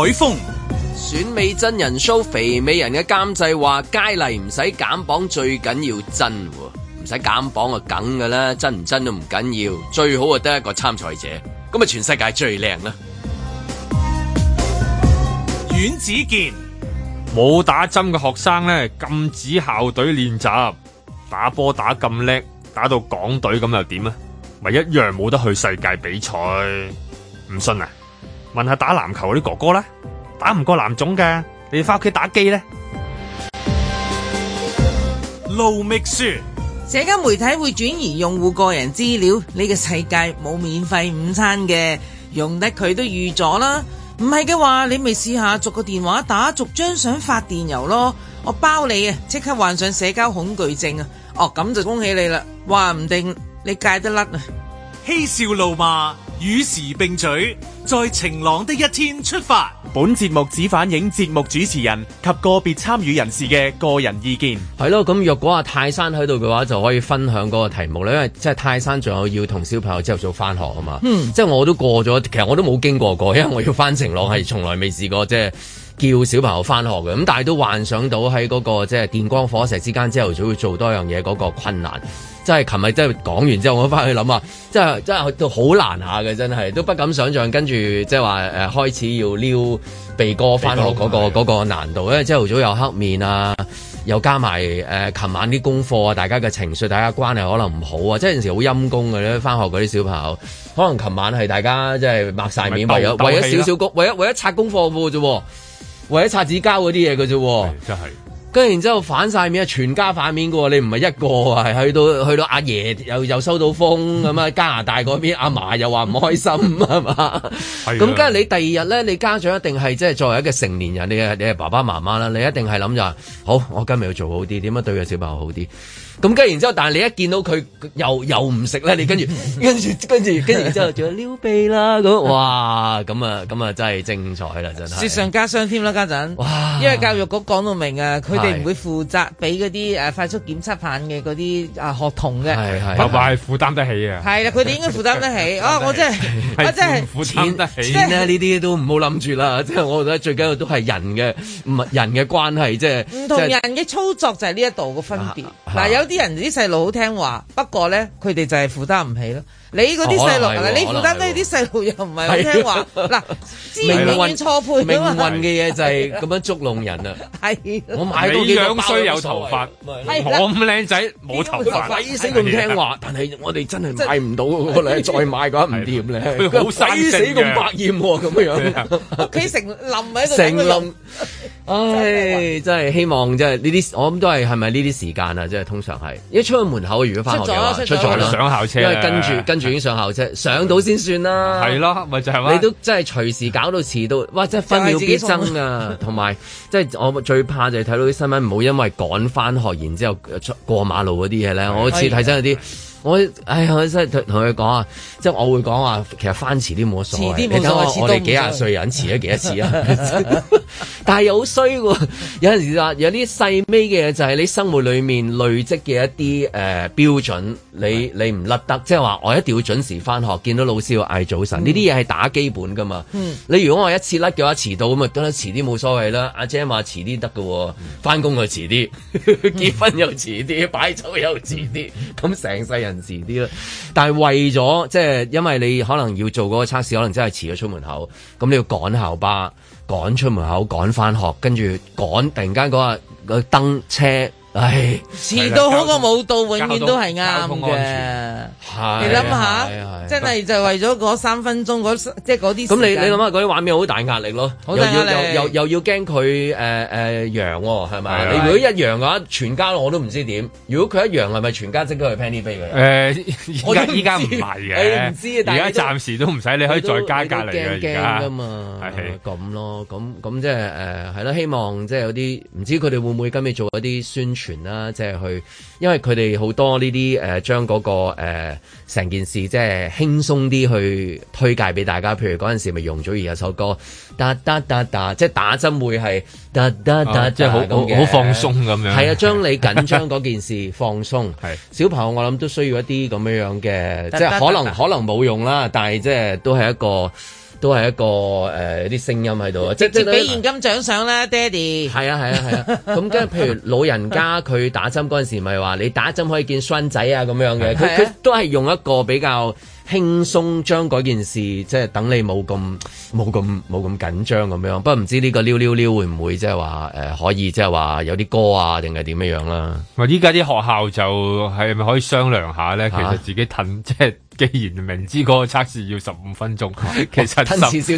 海風選美真人 show 肥美人嘅監製話佳麗唔使減磅，最緊要真。唔使減磅啊，梗㗎啦，真唔真都唔緊要。最好啊，得一個參賽者咁啊，全世界最靚啦。阮子健冇打針嘅學生呢，禁止校隊練習打波。打咁叻，打到港隊咁又點啊？咪一樣冇得去世界比賽。唔信啊，問下打籃球嗰啲哥哥啦，打唔過藍總嘅，你翻屋企打機咧？路蜜雪，社交媒體會轉移用戶個人資料，呢個世界冇免費午餐嘅，用得佢都預咗啦。唔係嘅話，你咪試下逐個電話打，逐張相發電郵咯，我包你啊，即刻患上社交恐懼症啊！哦，咁就恭喜你啦，話唔定你戒得甩啊！嬉笑怒罵。與時並舉，在晴朗的一天出發。本節目只反映節目主持人及個別參與人士嘅個人意見。係咯，咁若果阿泰山喺度嘅話，就可以分享嗰個題目啦。因為即係泰山仲有要同小朋友朝頭早翻學啊嘛。 嗯，即係我都過咗，其實我都冇經過過，因為我要翻晴朗係從來未試過，即係。叫小朋友翻學嘅，咁但係都幻想到喺嗰個即係電光火石之間，朝頭早會做多樣嘢嗰個困難。即係琴日即係講完之後，我翻去諗啊，即係即係都好難下嘅，真係都不敢想像。跟住即係話誒開始要撩鼻哥翻學嗰個嗰個難度，因為朝頭早有黑面啊，又加埋誒琴晚啲功課啊，大家嘅情緒，大家關係可能唔好啊，即係有時好陰功嘅咧。翻學嗰啲小朋友，可能琴晚係大家即係擘晒面，為咗為咗少少功，為咗為咗拆功課啫或者擦紙膠嗰啲嘢嘅啫，真係。跟住然之後，反晒面啊，全家反面嘅喎，你唔係一個啊，係去到去到阿爺又又收到風咁啊，嗯，加拿大嗰邊阿嫲又話唔開心，係嘛。咁梗係你第二日咧，你家長一定係即係作為一個成年人，你你係爸爸媽媽啦，你一定係諗就，好，我今日要做好啲，好點樣對個小朋友好啲。咁跟住然之後，但係你一見到佢又又唔食咧，你跟住跟住跟住跟住，然之後仲撩鼻啦咁，哇！咁啊咁啊，真係精彩啦真係。雪上加霜添啦家陣，哇！因為教育局講到明啊，佢哋唔會負責俾嗰啲誒快速檢測品嘅嗰啲啊學童嘅，係係係負擔得起啊。係啦，佢哋應該負擔得起。哦，我真係我真係負擔得起。即係呢啲都唔好諗住啦。即係我覺得最緊要都係人嘅唔係人嘅關係，即係唔同人嘅操作就係呢一度嘅分別。嗱有。啲人啲細路好聽話，不過咧，佢哋就係負擔唔起咯。你嗰啲細路嗱，你負擔得啲細路又唔係好聽話嗱，命運錯配，命運嘅嘢就係咁樣捉弄人啊！係，我買到啲樣衰有頭髮，我咁靚仔冇頭髮，鬼死咁聽話，但係我哋真係買唔到，你再買嘅話唔掂咧，佢好衰死咁百厭喎，咁嘅樣，屋企成林喺度，成林，唉，真係希望即係呢啲，我諗都係係咪呢啲時間啊？即係通常係一出去門口如果翻學嘅話，出左上校車，跟住跟。轉上校車上到先算啦，係咯，咪就係啦。你都真係隨時搞到遲到，哇！真係分秒必爭啊，同埋即係我最怕就係睇到啲新聞，唔好因為趕返學，然之後過馬路嗰啲嘢咧，的我好似睇真有啲。我唉，我真係同佢講啊，即係我會講話，其實翻遲啲冇乜所謂。遲啲冇錯，我哋幾廿歲人遲咗幾多次啊。 但係又好衰喎，有陣時話有啲細微嘅嘢就係你生活裏面累積嘅一啲誒、呃、標準，你你唔甩得，即係話我一定要準時翻學，見到老師要嗌早晨。呢啲嘢係打基本噶嘛。嗯、你如果我一次甩嘅話，遲到咁咪得啦，遲啲冇所謂啦。阿姐話遲啲得噶，翻工佢遲啲，遲 結婚又遲啲，擺酒 又遲啲，咁成世人。臨時啲啦，但係為咗即係，因為你可能要做嗰個測試，可能真係遲咗出門口，咁你要趕校巴、趕出門口、趕返學，跟住趕突然間嗰、那個、那個燈車。唉，遲到好過冇到，永遠都係啱嘅。你諗下，真係就為咗嗰三分鐘即係嗰啲。咁你你諗下嗰啲畫面好大壓力咯，又要又又又要驚佢誒誒陽喎，係咪？你如果一陽嘅話，全家我都唔知點。如果佢一陽係咪全家即刻去 Penny Bay？誒，我依家唔係嘅，而家暫時都唔使，你可以再加隔離嘅，而家驚驚㗎嘛，咁咯，咁咁即係誒係啦。希望即係有啲唔知佢哋會唔會今日做一啲宣傳。全啦，即係去，因為佢哋好多呢啲誒，將嗰、那個誒成、呃、件事即係輕鬆啲去推介俾大家。譬如嗰陣時咪容祖兒有首歌噠噠噠噠，即係打針會係噠噠噠，即係好好放鬆咁樣。係啊，將你緊張嗰件事放鬆。係 是小朋友，我諗都需要一啲咁樣樣嘅，即係可能打打打打可能冇用啦，但係即係都係一個。都係一個誒，啲、呃、聲音喺度地啊！直接俾現金獎賞啦，爹哋係啊係啊係啊！咁跟住，譬 如老人家佢打針嗰陣時，咪話你打針可以見孫仔啊咁樣嘅。佢佢、啊、都係用一個比較輕鬆，將嗰件事即係等你冇咁冇咁冇咁緊張咁樣。不過唔知呢個溜溜溜會唔會即係話誒，可以即係話有啲歌啊，定係點樣樣啦？咪依家啲學校就係咪可以商量下咧？其實自己褪即係。既然明知嗰個測試要十五分鐘，其實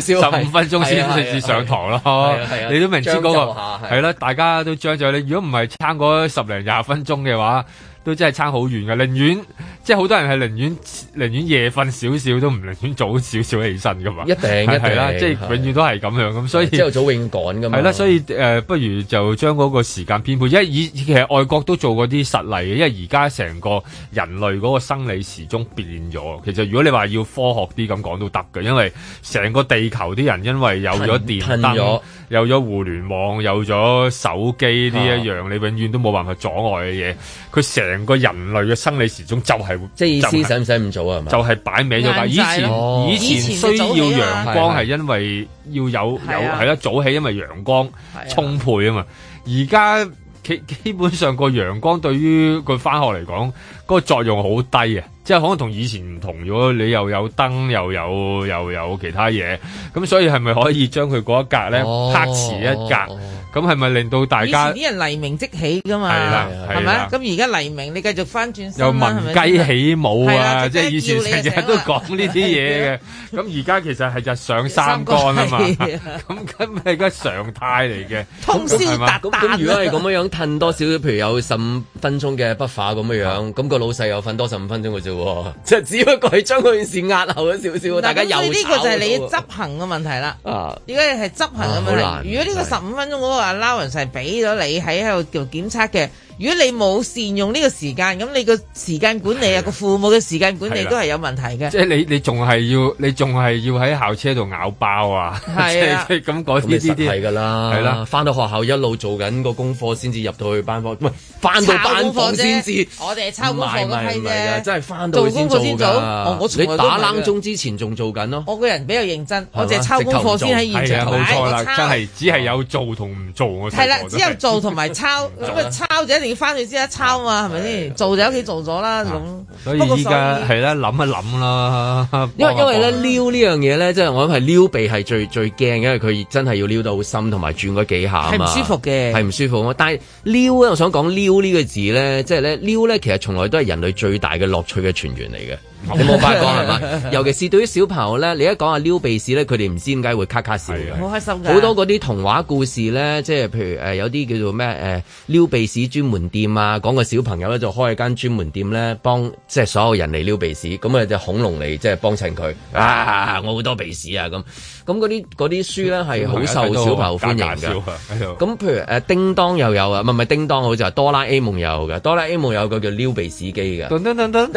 十五 分鐘先至上堂咯。你都明知嗰，嗰個係啦，大家都將就你。如果唔係撐過十零廿分鐘嘅話，都真係差好遠噶寧願即係好多人係寧願寧願夜瞓少少，都唔寧願早少少起身噶嘛。一定，一定啦，即係永遠都係咁樣咁，所以朝早永趕噶。係啦，所以誒，不如就將嗰個時間編配，一以其實外國都做過啲實例，因為而家成個人類嗰個生理時鐘變咗。其實如果你話要科學啲咁講都得嘅，因為成個地球啲人因為有咗電燈，有咗互聯網，有咗手機呢一樣，啊、你永遠都冇辦法阻礙嘅嘢。佢成成個人類嘅生理時鐘就係、是、會，即係意思使唔使咁早啊？就係擺歪咗啦，以前、哦、以前需要陽光係因為要有的要有係啦的的，早起因為陽光充沛啊嘛。而家基基本上個陽光對於佢返學嚟講，嗰個作用好低啊！即係可能同以前唔同咗，你又有燈又有又有其他嘢，咁所以係咪可以將佢嗰一格咧拍遲一格？咁係咪令到大家？以前啲人黎明即起噶嘛，係咪啊？咁而家黎明你繼續翻轉又聞雞起舞啊！即係以前成日都講呢啲嘢嘅，咁而家其實係日上三竿啊嘛！咁梗係個常態嚟嘅，通宵達旦。咁如果係咁樣樣褪多少少，譬如有十五分鐘嘅 buffer 咁樣樣，咁個。老細又瞓多十五分鐘㗎啫，即係只不過係將嗰件事壓後咗少少，大家有，所以呢個就係你執行嘅問題啦。啊，而家係執行嘅問題。啊、如果呢個十五分鐘嗰個 allowance 俾咗你喺喺度做檢測嘅。如果你冇善用呢個時間，咁你個時間管理啊，個父母嘅時間管理都係有問題嘅。即係你你仲係要，你仲係要喺校車度咬包啊？係啊，咁啲啲啲係㗎啦，係啦。翻到學校，一路做緊個功課先至入到去班房，唔係翻到班房先至。我哋係抄功課咁批啫，真係翻到去先做。做功課先做。你打冷鐘之前仲做緊咯。我個人比較認真，我淨係抄功課先喺現場。冇錯啦，真係只係有做同唔做。係啦，只有做同埋抄，咁啊抄咗。一定要翻去先一抄啊，係咪先？是是做就喺屋企做咗啦，咁、嗯。所以依家係咧諗一諗啦，因為因為咧撩呢樣嘢咧，即係我諗係撩鼻係最最驚，因為佢真係要撩到好深，同埋轉嗰幾下。係唔舒服嘅，係唔舒服啊！但係撩咧，我想講撩呢個字咧，即係咧撩咧，其實從來都係人類最大嘅樂趣嘅泉源嚟嘅。你冇發覺係嘛？尤其是對於小朋友咧，你一講下撩鼻屎咧，佢哋唔知點解會卡卡笑。好多嗰啲童話故事咧，即係譬如誒，有啲叫做咩誒，撩鼻屎專門店啊，講個小朋友咧就開一間專門店咧，幫即係所有人嚟撩鼻屎。咁啊隻恐龍嚟即係幫襯佢啊！我好多鼻屎啊咁。咁嗰啲嗰啲書咧係好受小朋友歡迎嘅。咁譬如誒，叮當又有啊，唔係唔係叮當好似係哆啦 A 夢有噶，哆啦 A 夢有個叫撩鼻屎機噶。噔噔噔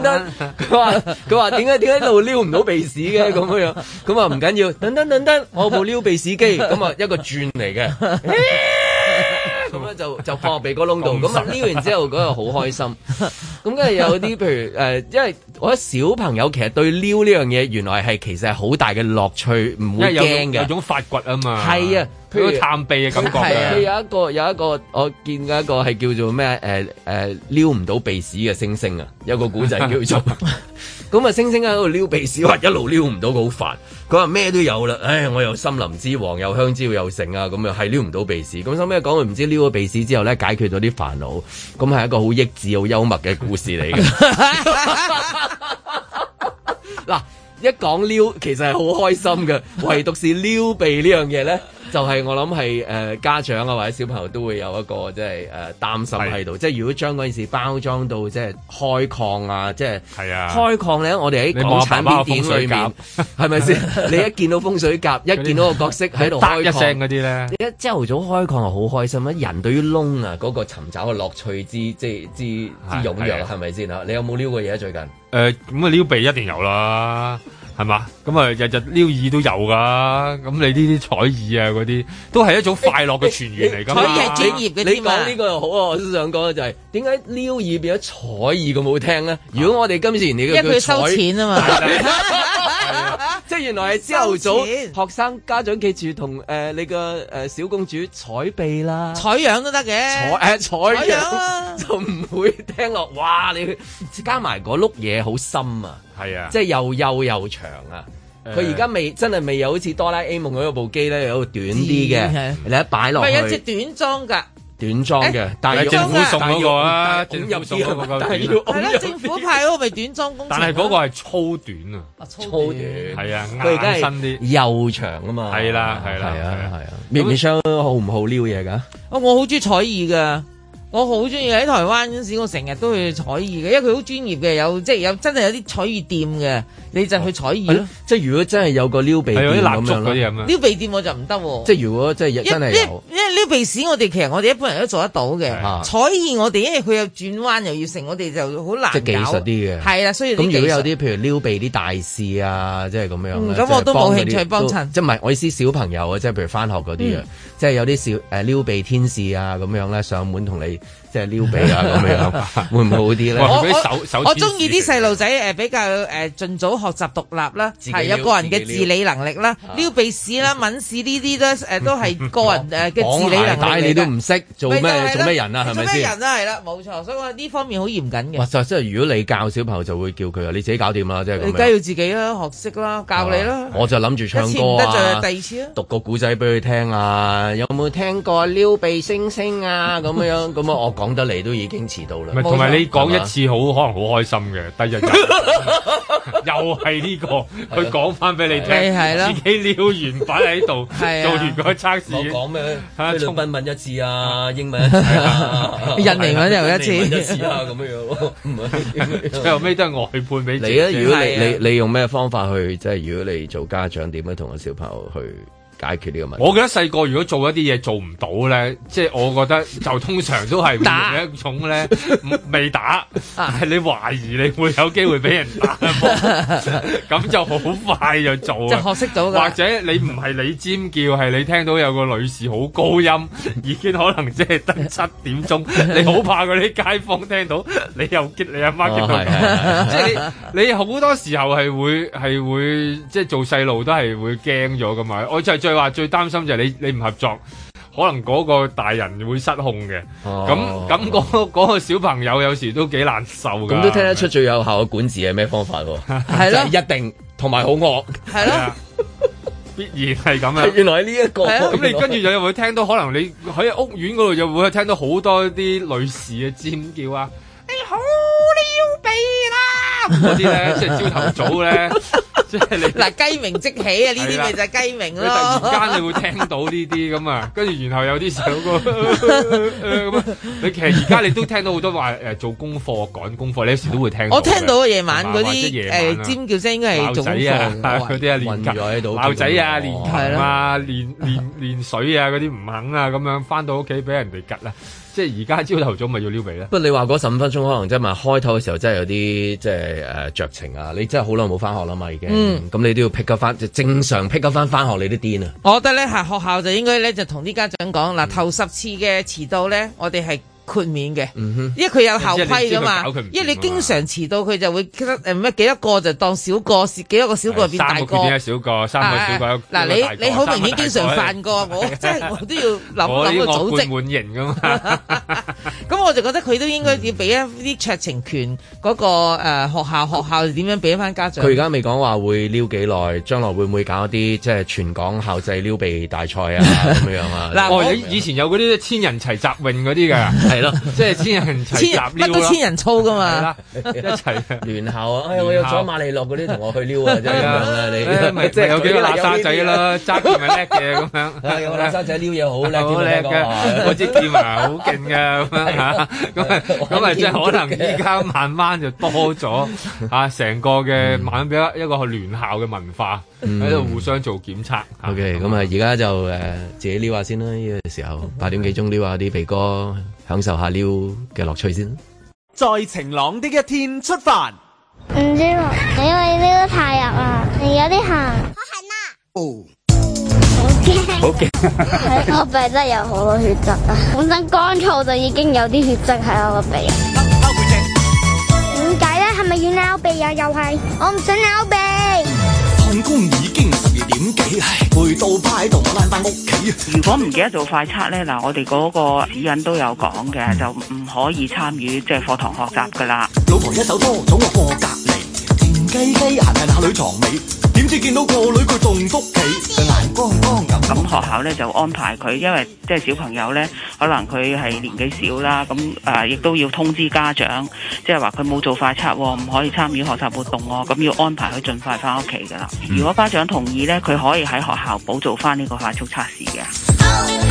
噔，佢話佢話點解點解喺度撩唔到鼻屎嘅咁樣？咁啊唔緊要，噔噔噔噔，我部撩鼻屎機咁啊一個轉嚟嘅。咁樣就就放喺鼻哥窿度，咁撩完之後嗰度好開心。咁跟住有啲譬如誒、呃，因為我覺得小朋友其實對撩呢樣嘢原來係其實係好大嘅樂趣，唔會驚嘅。有種發掘啊嘛。係啊。佢個探鼻嘅感覺，佢有一個有一個我見過一個係叫做咩誒誒撩唔到鼻屎嘅猩猩啊，有一個古仔叫做咁啊， 猩猩喺度撩鼻屎，話一路撩唔到，佢好煩。佢話咩都有啦，唉，我又森林之王，有香之又香蕉又成啊，咁啊係撩唔到鼻屎。咁收尾講佢唔知撩咗鼻屎之後咧，解決咗啲煩惱。咁係一個好益智、好幽默嘅故事嚟嘅。嗱， 一講撩其實係好開心嘅，唯獨是撩鼻呢樣嘢咧。就係我諗係誒家長啊，或者小朋友都會有一個即係誒擔心喺度。啊、即係如果將嗰件事包裝到即係開礦啊，即係係啊開礦咧，我哋喺港產片裏面係咪先？你，爸爸你一見到風水甲，一見到一個角色喺度得一聲嗰啲咧，你一朝頭早開礦係好開心啊！人對於窿啊嗰、那個尋找嘅樂趣之即係之之踴躍係咪先啊，啊是是？你有冇撩過嘢、啊、最近？誒咁啊撩鼻一定有啦～係嘛？咁啊，日日撩耳都有噶，啊。咁、嗯、你呢啲彩耳啊，嗰啲都係一種快樂嘅傳言嚟噶嘛。欸欸、彩係專業嘅，你講呢個又好啊！我都想講，就係點解撩耳變咗彩耳咁好聽咧？啊、如果我哋今時因為佢收錢啊嘛。彩 即係 原來係朝頭早錢學生家長記住同誒、呃、你個誒小公主採鼻啦，採樣都得嘅，採誒採樣，樣、啊、 就唔會聽落。哇！你加埋嗰碌嘢好深啊，係啊，即係又幼又長啊。佢而家未真係未有好似哆啦 A 夢嗰部機咧，有個短啲嘅。你一擺落去，係一隻短裝噶。短裝嘅，但係政府送嗰個啊，政府派嗰個咪短裝工，但係嗰個係粗短啊，粗短係啊，佢而家係又長啊嘛，係啦係啦係啊係啊，面商好唔好撩嘢噶？哦，我好中意彩耳噶，我好中意喺台灣嗰時，我成日都去彩耳嘅，因為佢好專業嘅，有即係有真係有啲彩耳店嘅，你就去彩耳，即係如果真係有個撩鼻店，咁撩鼻店我就唔得。即係如果即係真係有。撩鼻屎我哋其實我哋一般人都做得到嘅，啊、彩現我哋，因為佢又轉彎又要成，我哋就好難。即技術啲嘅，係啦，需要。咁如果有啲術譬如撩鼻啲大使啊，即係咁樣樣咧，咁我都冇興趣幫襯。即係唔係，我意思小朋友啊，即係譬如翻學嗰啲啊，嗯、即係有啲小誒撩鼻天使啊咁樣咧，上門同你。即係撩鼻啊咁樣樣，會唔會好啲咧？我我我中意啲細路仔誒比較誒，盡早學習獨立啦，係有個人嘅自理能力啦，撩鼻屎啦、抿屎呢啲都誒都係個人誒嘅自理能力嚟嘅。綁鞋帶你都唔識，做咩做咩人啊？係咪？做咩人啊？係啦，冇錯。所以我呢方面好嚴謹嘅。即係如果你教小朋友就會叫佢啊，你自己搞掂啊，即係咁。梗要自己啦，學識啦，教你啦。我就諗住唱歌啊，一次唔得就係第二次啊！讀個古仔俾佢聽啊！有冇聽過撩鼻星星啊？咁樣咁啊惡講得嚟，都已經遲到啦。唔係，同埋你講一次好，可能好開心嘅，第一日。又係呢個，去講翻俾你聽。係啦，自己了完擺喺度，係做完嗰測試。我講咩？啊，中文問一次啊，英文一次啊，印尼文又一次啊，咁樣。唔係，最後尾都係外判俾你啊。如果你你你用咩方法去？即係如果你做家長，點樣同個小朋友去？解決呢個問題，我覺得細個如果做一啲嘢做唔到咧，即係我覺得就通常都係會有一種咧未打，但係你懷疑你會有機會俾人打，咁就好快就做，就學識到，或者你唔係你尖叫，係你聽到有個女士好高音，已經可能即係得七點鐘，你好怕嗰啲街坊聽到你又激你阿媽激到，即係你好多時候係會係會即係做細路都係會驚咗噶嘛，我就係最。擔你話，最擔心就係你，你唔合作，可能嗰個大人會失控嘅。咁咁嗰嗰個小朋友有時都幾難受。咁、啊、麼都聽得出最有效嘅管治係咩方法？係咯，一定同埋好惡係咯，必然係咁樣。 原來呢一個咁、啊、 你跟住就又會聽到可能你喺屋苑嗰度又會聽到好多啲女士嘅尖叫啊！飛啦！嗰啲咧，即係朝頭早咧，即係你嗱雞鳴即起啊！呢啲咪就係雞鳴咯。你突然間你會聽到呢啲咁啊，跟住然後有啲時候，你其實而家你都聽到好多話誒、呃，做功課趕功課，你有時都會聽。我聽到晚夜晚嗰啲誒尖叫聲，應該係做功課啊，嗰啲啊練級、鬧仔啊、練琴啊、練練練水啊嗰啲唔肯啊咁樣，翻到屋企俾人哋吉啦！即係而家朝頭早咪要撩鼻咧？不過，你話嗰十五分鐘可能真係咪開頭嘅時候真係有啲即係誒酌情啊？你真係好耐冇翻學啦嘛，已經咁、嗯、你都要 pick up 翻就正常 pick up 翻翻學你都癲啊！我覺得咧係學校就應該咧就同啲家長講嗱、嗯，頭十次嘅遲到咧，我哋係。豁免嘅，嗯、因為佢有校規噶嘛，他他嘛因為你經常遲到，佢就會誒咩幾多個，就當小個，幾多個小個變大個，幾多小個，啊啊、三個小個，個，個。嗱、啊，你你好明顯經常犯過， 我即係我都要諗諗個諗諗個組織緩刑㗎嘛咁。 我就覺得佢都應該要俾一啲酌情權嗰個，誒學校，學校點樣俾翻家長？佢而家未講話會撩幾耐，將來會唔會搞一啲即係全港校際撩鼻大賽啊咁樣啊？嗱，我以前有嗰啲千人齊集泳嗰啲嘅，係咯，即係千人齊集撩啊！乜都千人操噶嘛，一齊聯校啊！我有咗馬利諾嗰啲同我去撩啊，即係啊！你咪即係有幾個垃圾仔啦，揸劍咪叻嘅咁樣。有垃圾仔撩嘢好叻，好叻嘅，嗰支劍啊好勁嘅咁啊，咁啊、 嗯，即係可能依家慢慢就多咗啊，成個嘅慢慢變咗一個聯校嘅文化喺度互相做檢測。OK，咁啊，而家就誒自己撩下先啦，呢、這個時候八點幾鐘撩下啲鼻哥，享受下撩嘅樂趣先。在晴朗的一天出發。唔知喎，因為撩太入你有啲痕。痕好係啦、啊。哦。Oh. 好驚，我鼻真係有好多血漬啊！本身乾燥就已經有啲血漬喺我個鼻。啊，點解咧？係咪要拗鼻啊？又係，我唔想拗鼻。曠工已經十二點幾，攰到趴喺度，我翻翻屋企啊！如果唔記得做快測咧，嗱，我哋嗰個指引都有講嘅，就唔可以參與即係課堂學習㗎喇。老婆一手拖，總我過隔離，靜雞雞行喺那裏床尾？點知見到個女佢凍腹肌，佢眼光光咁，學校呢就安排佢，因為即係、就是、小朋友呢可能佢係年紀少啦，咁誒亦都要通知家長，即係話佢冇做快測、哦，唔可以參與學習活動哦，咁要安排佢盡快翻屋企噶啦。嗯、如果家長同意呢，佢可以喺學校補做翻呢個快速測試嘅。嗯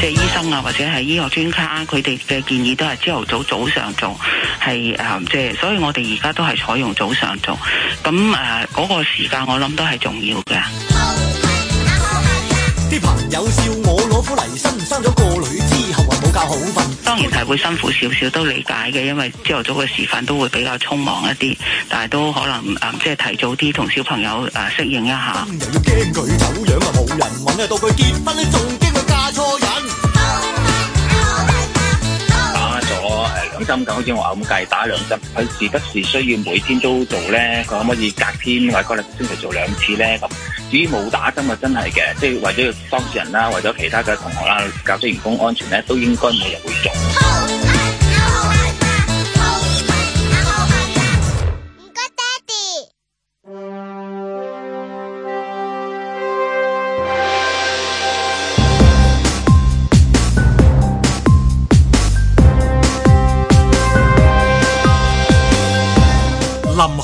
即係醫生啊，或者係醫學專家，佢哋嘅建議都係朝頭早早上做，係誒即係，所以我哋而家都係採用早上做，咁誒嗰個時間我諗都係重要嘅。啲、啊啊、朋友笑我攞苦嚟辛，生咗個女之後還冇覺好瞓。當然係會辛苦少少，都理解嘅，因為朝頭早嘅時分都會比較匆忙一啲，但係都可能、呃、即係提早啲同小朋友誒適、呃、應一下。又要驚佢走樣啊，冇人揾，啊，到佢結婚咧仲驚佢嫁錯人。係兩針咁，好似我話咁計打兩針，佢時不時需要每天都做咧，佢可唔可以隔天或者可能星期做兩次咧？咁至於冇打針啊，真係嘅，即係為咗要當事人啦，為咗其他嘅同學啦，教職員工安全咧，都應該每日會做。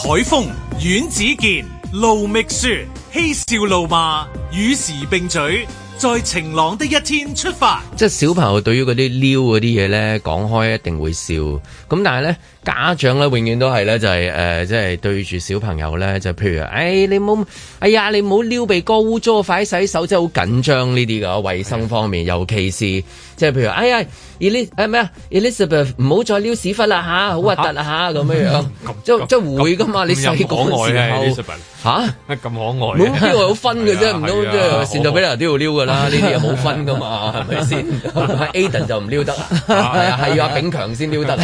海風、阮子健、盧覓雪、嬉笑怒罵與時並嘴，在晴朗的一天出發。即係小朋友對於嗰啲撩嗰啲嘢咧，講開一定會笑。咁但係咧。家長咧永遠都係咧就係誒即係對住小朋友咧就譬如啊，哎你冇，哎呀你唔好撩鼻哥污糟，快啲洗手，真係好緊張呢啲㗎，衞生方面，尤其是即係譬如哎呀 Elizabeth 唔好再撩屎忽啦吓，好核突啦吓，咁樣樣，即即係會㗎嘛，你細個嘅時候吓咁可愛，唔撩係好分㗎啫，唔好即係善秀畀人撩撩㗎啦，呢啲嘢冇分㗎嘛，係咪先？Aden 就唔撩得，係啊，係啊，炳強先撩得，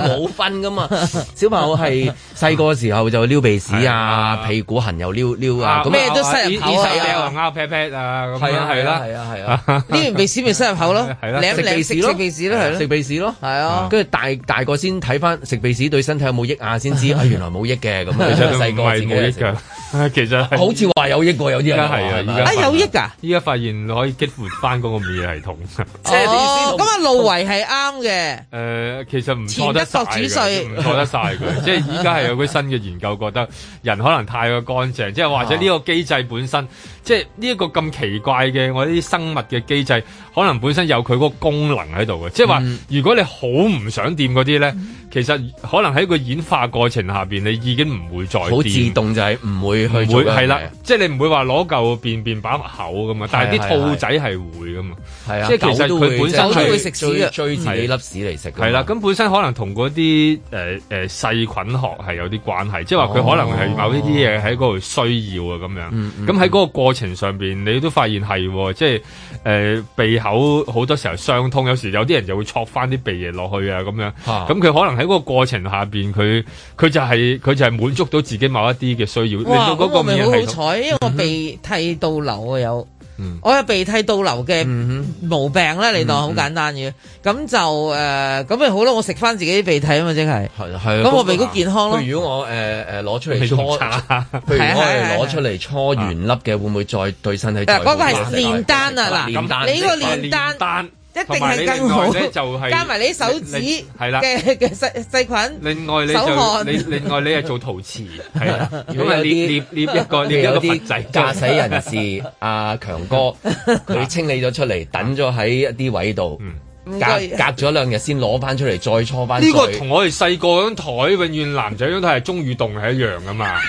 冇分噶嘛，小朋友係細個時候就撩鼻屎啊，屁股痕又撩撩啊，咩都塞入口啊，咬咬撇撇啊，係啊係啦，係啊係啊，撩鼻屎咪塞入口咯，係啦食鼻屎咯，食鼻屎咯，係咯，食鼻屎咯，係啊，跟住大大個先睇翻食鼻屎對身體有冇益啊，先知啊原來冇益嘅，咁啊，細個先冇益噶，其實好似話有益過有啲人話，啊有益噶，依家發現可以激活翻嗰個免疫系統，咁啊路維繫啱嘅，誒其實唔錯得。國主席唔錯得晒佢， 即係依家係有啲新嘅研究，覺得人可能太過乾淨，即係或者呢個機制本身，啊、即係呢一個咁奇怪嘅我啲生物嘅機制。可能本身有佢個功能喺度嘅，即係話如果你好唔想掂嗰啲咧，其實可能喺個演化過程下邊你已經唔會再掂。好自動就係唔會去。會係啦，即係你唔會話攞嚿便便把口咁嘛！但係啲兔仔係會噶嘛，係啊，即係其實佢本身就會食屎啊，追自己粒屎嚟食。係啦，咁本身可能同嗰啲誒誒細菌學係有啲關係，即係話佢可能係某啲啲嘢喺嗰度需要啊咁樣，咁喺嗰個過程上邊你都發現係，即係誒鼻。好好多時候相通，有時有啲人就會戳翻啲鼻液落去啊，咁樣。咁佢可能喺嗰個過程下邊，佢佢就係、是、佢就係滿足到自己某一啲嘅需要。哇，令到個哇，我咪好彩，因為我鼻涕倒流啊有。嗯我有鼻涕倒流嘅毛病咧，你當好簡單嘅，咁就誒，咁咪好咯，我食翻自己啲鼻涕啊嘛，即係，係係咁我鼻骨健康咯。如果我誒誒攞出嚟搓，譬如我係攞出嚟搓完粒嘅，會唔會再對身體？嗰個係煉丹啊，嗱，你個煉丹？一定係更好，加埋你手指，係啦嘅嘅細細菌。另外你就，你另外你係做陶瓷，係啦。如果有啲捏捏捏一個有啲駕駛人士，阿強哥佢清理咗出嚟，等咗喺一啲位度。隔隔咗兩日先攞翻出嚟，再搓翻。呢個同我哋細個嗰張台，永遠男仔都台係中耳動係一樣噶嘛。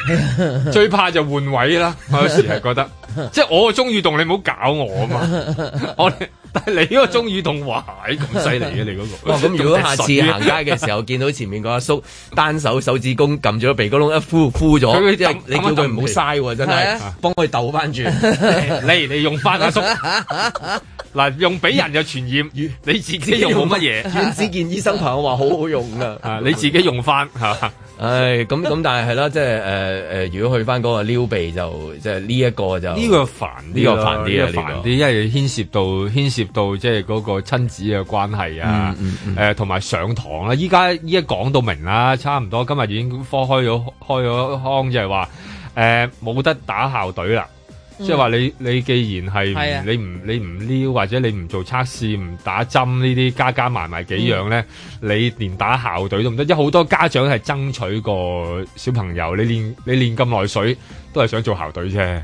最怕就換位啦。我有時係覺得，即係我中耳動，你唔好搞我啊嘛。我但係你嗰個中耳動哇，咁犀利嘅你嗰個。咁如果下次行街嘅時候見到前面個阿叔單手手指公撳住鼻哥窿，一呼呼咗，你叫佢唔好嘥真係，幫佢斗翻轉。嚟，你用翻阿叔。嗱，用俾人就傳染，愉 你自己用冇乜嘢。遠子見醫生朋友話好好用㗎， 你自己用翻吓。唉，咁咁、嗯，但係係啦，即係誒誒，如果去翻嗰個撩鼻就即係呢一個就呢個煩啲，呢個煩啲啊，煩啲，煩煩因為牽涉到牽涉到即係嗰個親子嘅關係啊。誒、嗯，同、嗯、埋、嗯呃、上堂咧，依家依家講到明啦，差唔多今日已經科開咗開咗腔，就係話誒冇得打，打校隊啦。即係話你你既然係你唔你唔撩或者你唔做測試唔打針呢啲加加埋埋幾樣呢，嗯、你連打校隊都唔得，因為好多家長係爭取個小朋友，你練你練咁耐水。都係想做校隊啫，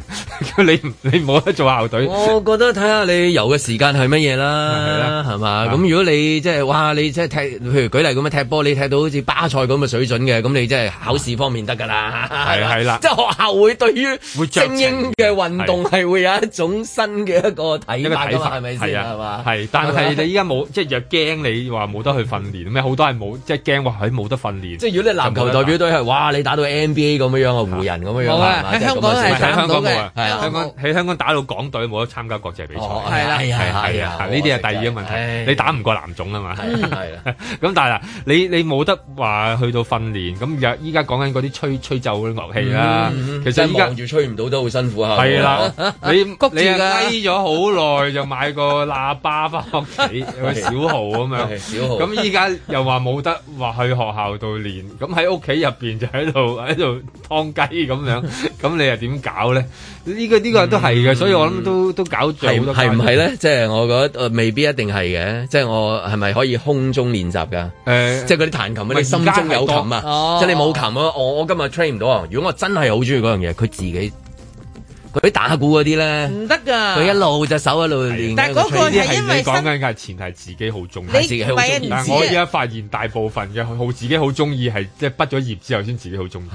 你你冇得做校隊。我覺得睇下你游嘅時間係乜嘢啦，係嘛？咁如果你即係哇，你即係踢，譬如舉例咁樣踢波，你踢到好似巴塞咁嘅水準嘅，咁你即係考試方面得噶啦，係啦，即係學校會對於精英嘅運動係會有一種新嘅一個睇法，係咪先？係係，但係你依家冇，即係若驚你話冇得去訓練咩？好多係冇，即係驚話，喺冇得訓練。即係如果你籃球代表隊係哇，你打到 NBA 咁樣樣啊，湖人咁樣樣香港香港冇啊，香港喺香港打到港隊冇得參加國際比賽，係啦，係啊，係啊，呢啲係第二個問題，你打唔過男總啊嘛，係啊，咁但係嗱，你你冇得話去到訓練，咁又依家講緊嗰啲吹吹奏嗰啲樂器啦，其實而家要吹唔到都好辛苦啊。係啦，你你閪咗好耐就買個喇叭翻屋企，個小號咁樣，小號，咁依家又話冇得話去學校度練，咁喺屋企入邊就喺度喺度劏雞咁樣。咁你又點搞咧？呢個呢個都係嘅，所以我諗都都搞咗好多。係唔係咧？即係我覺得未必一定係嘅。即係我係咪可以空中練習噶？誒，即係嗰啲彈琴，你心中有琴啊，即係你冇琴啊。我我今日 train 唔到啊。如果我真係好中意嗰樣嘢，佢自己，佢打鼓嗰啲咧，唔得噶。佢一路隻手一路練。但係嗰個係因為講緊嘅前提自己好中意，自己好中意。我而家發現大部分嘅好自己好中意係即係畢咗業之後先自己好中意。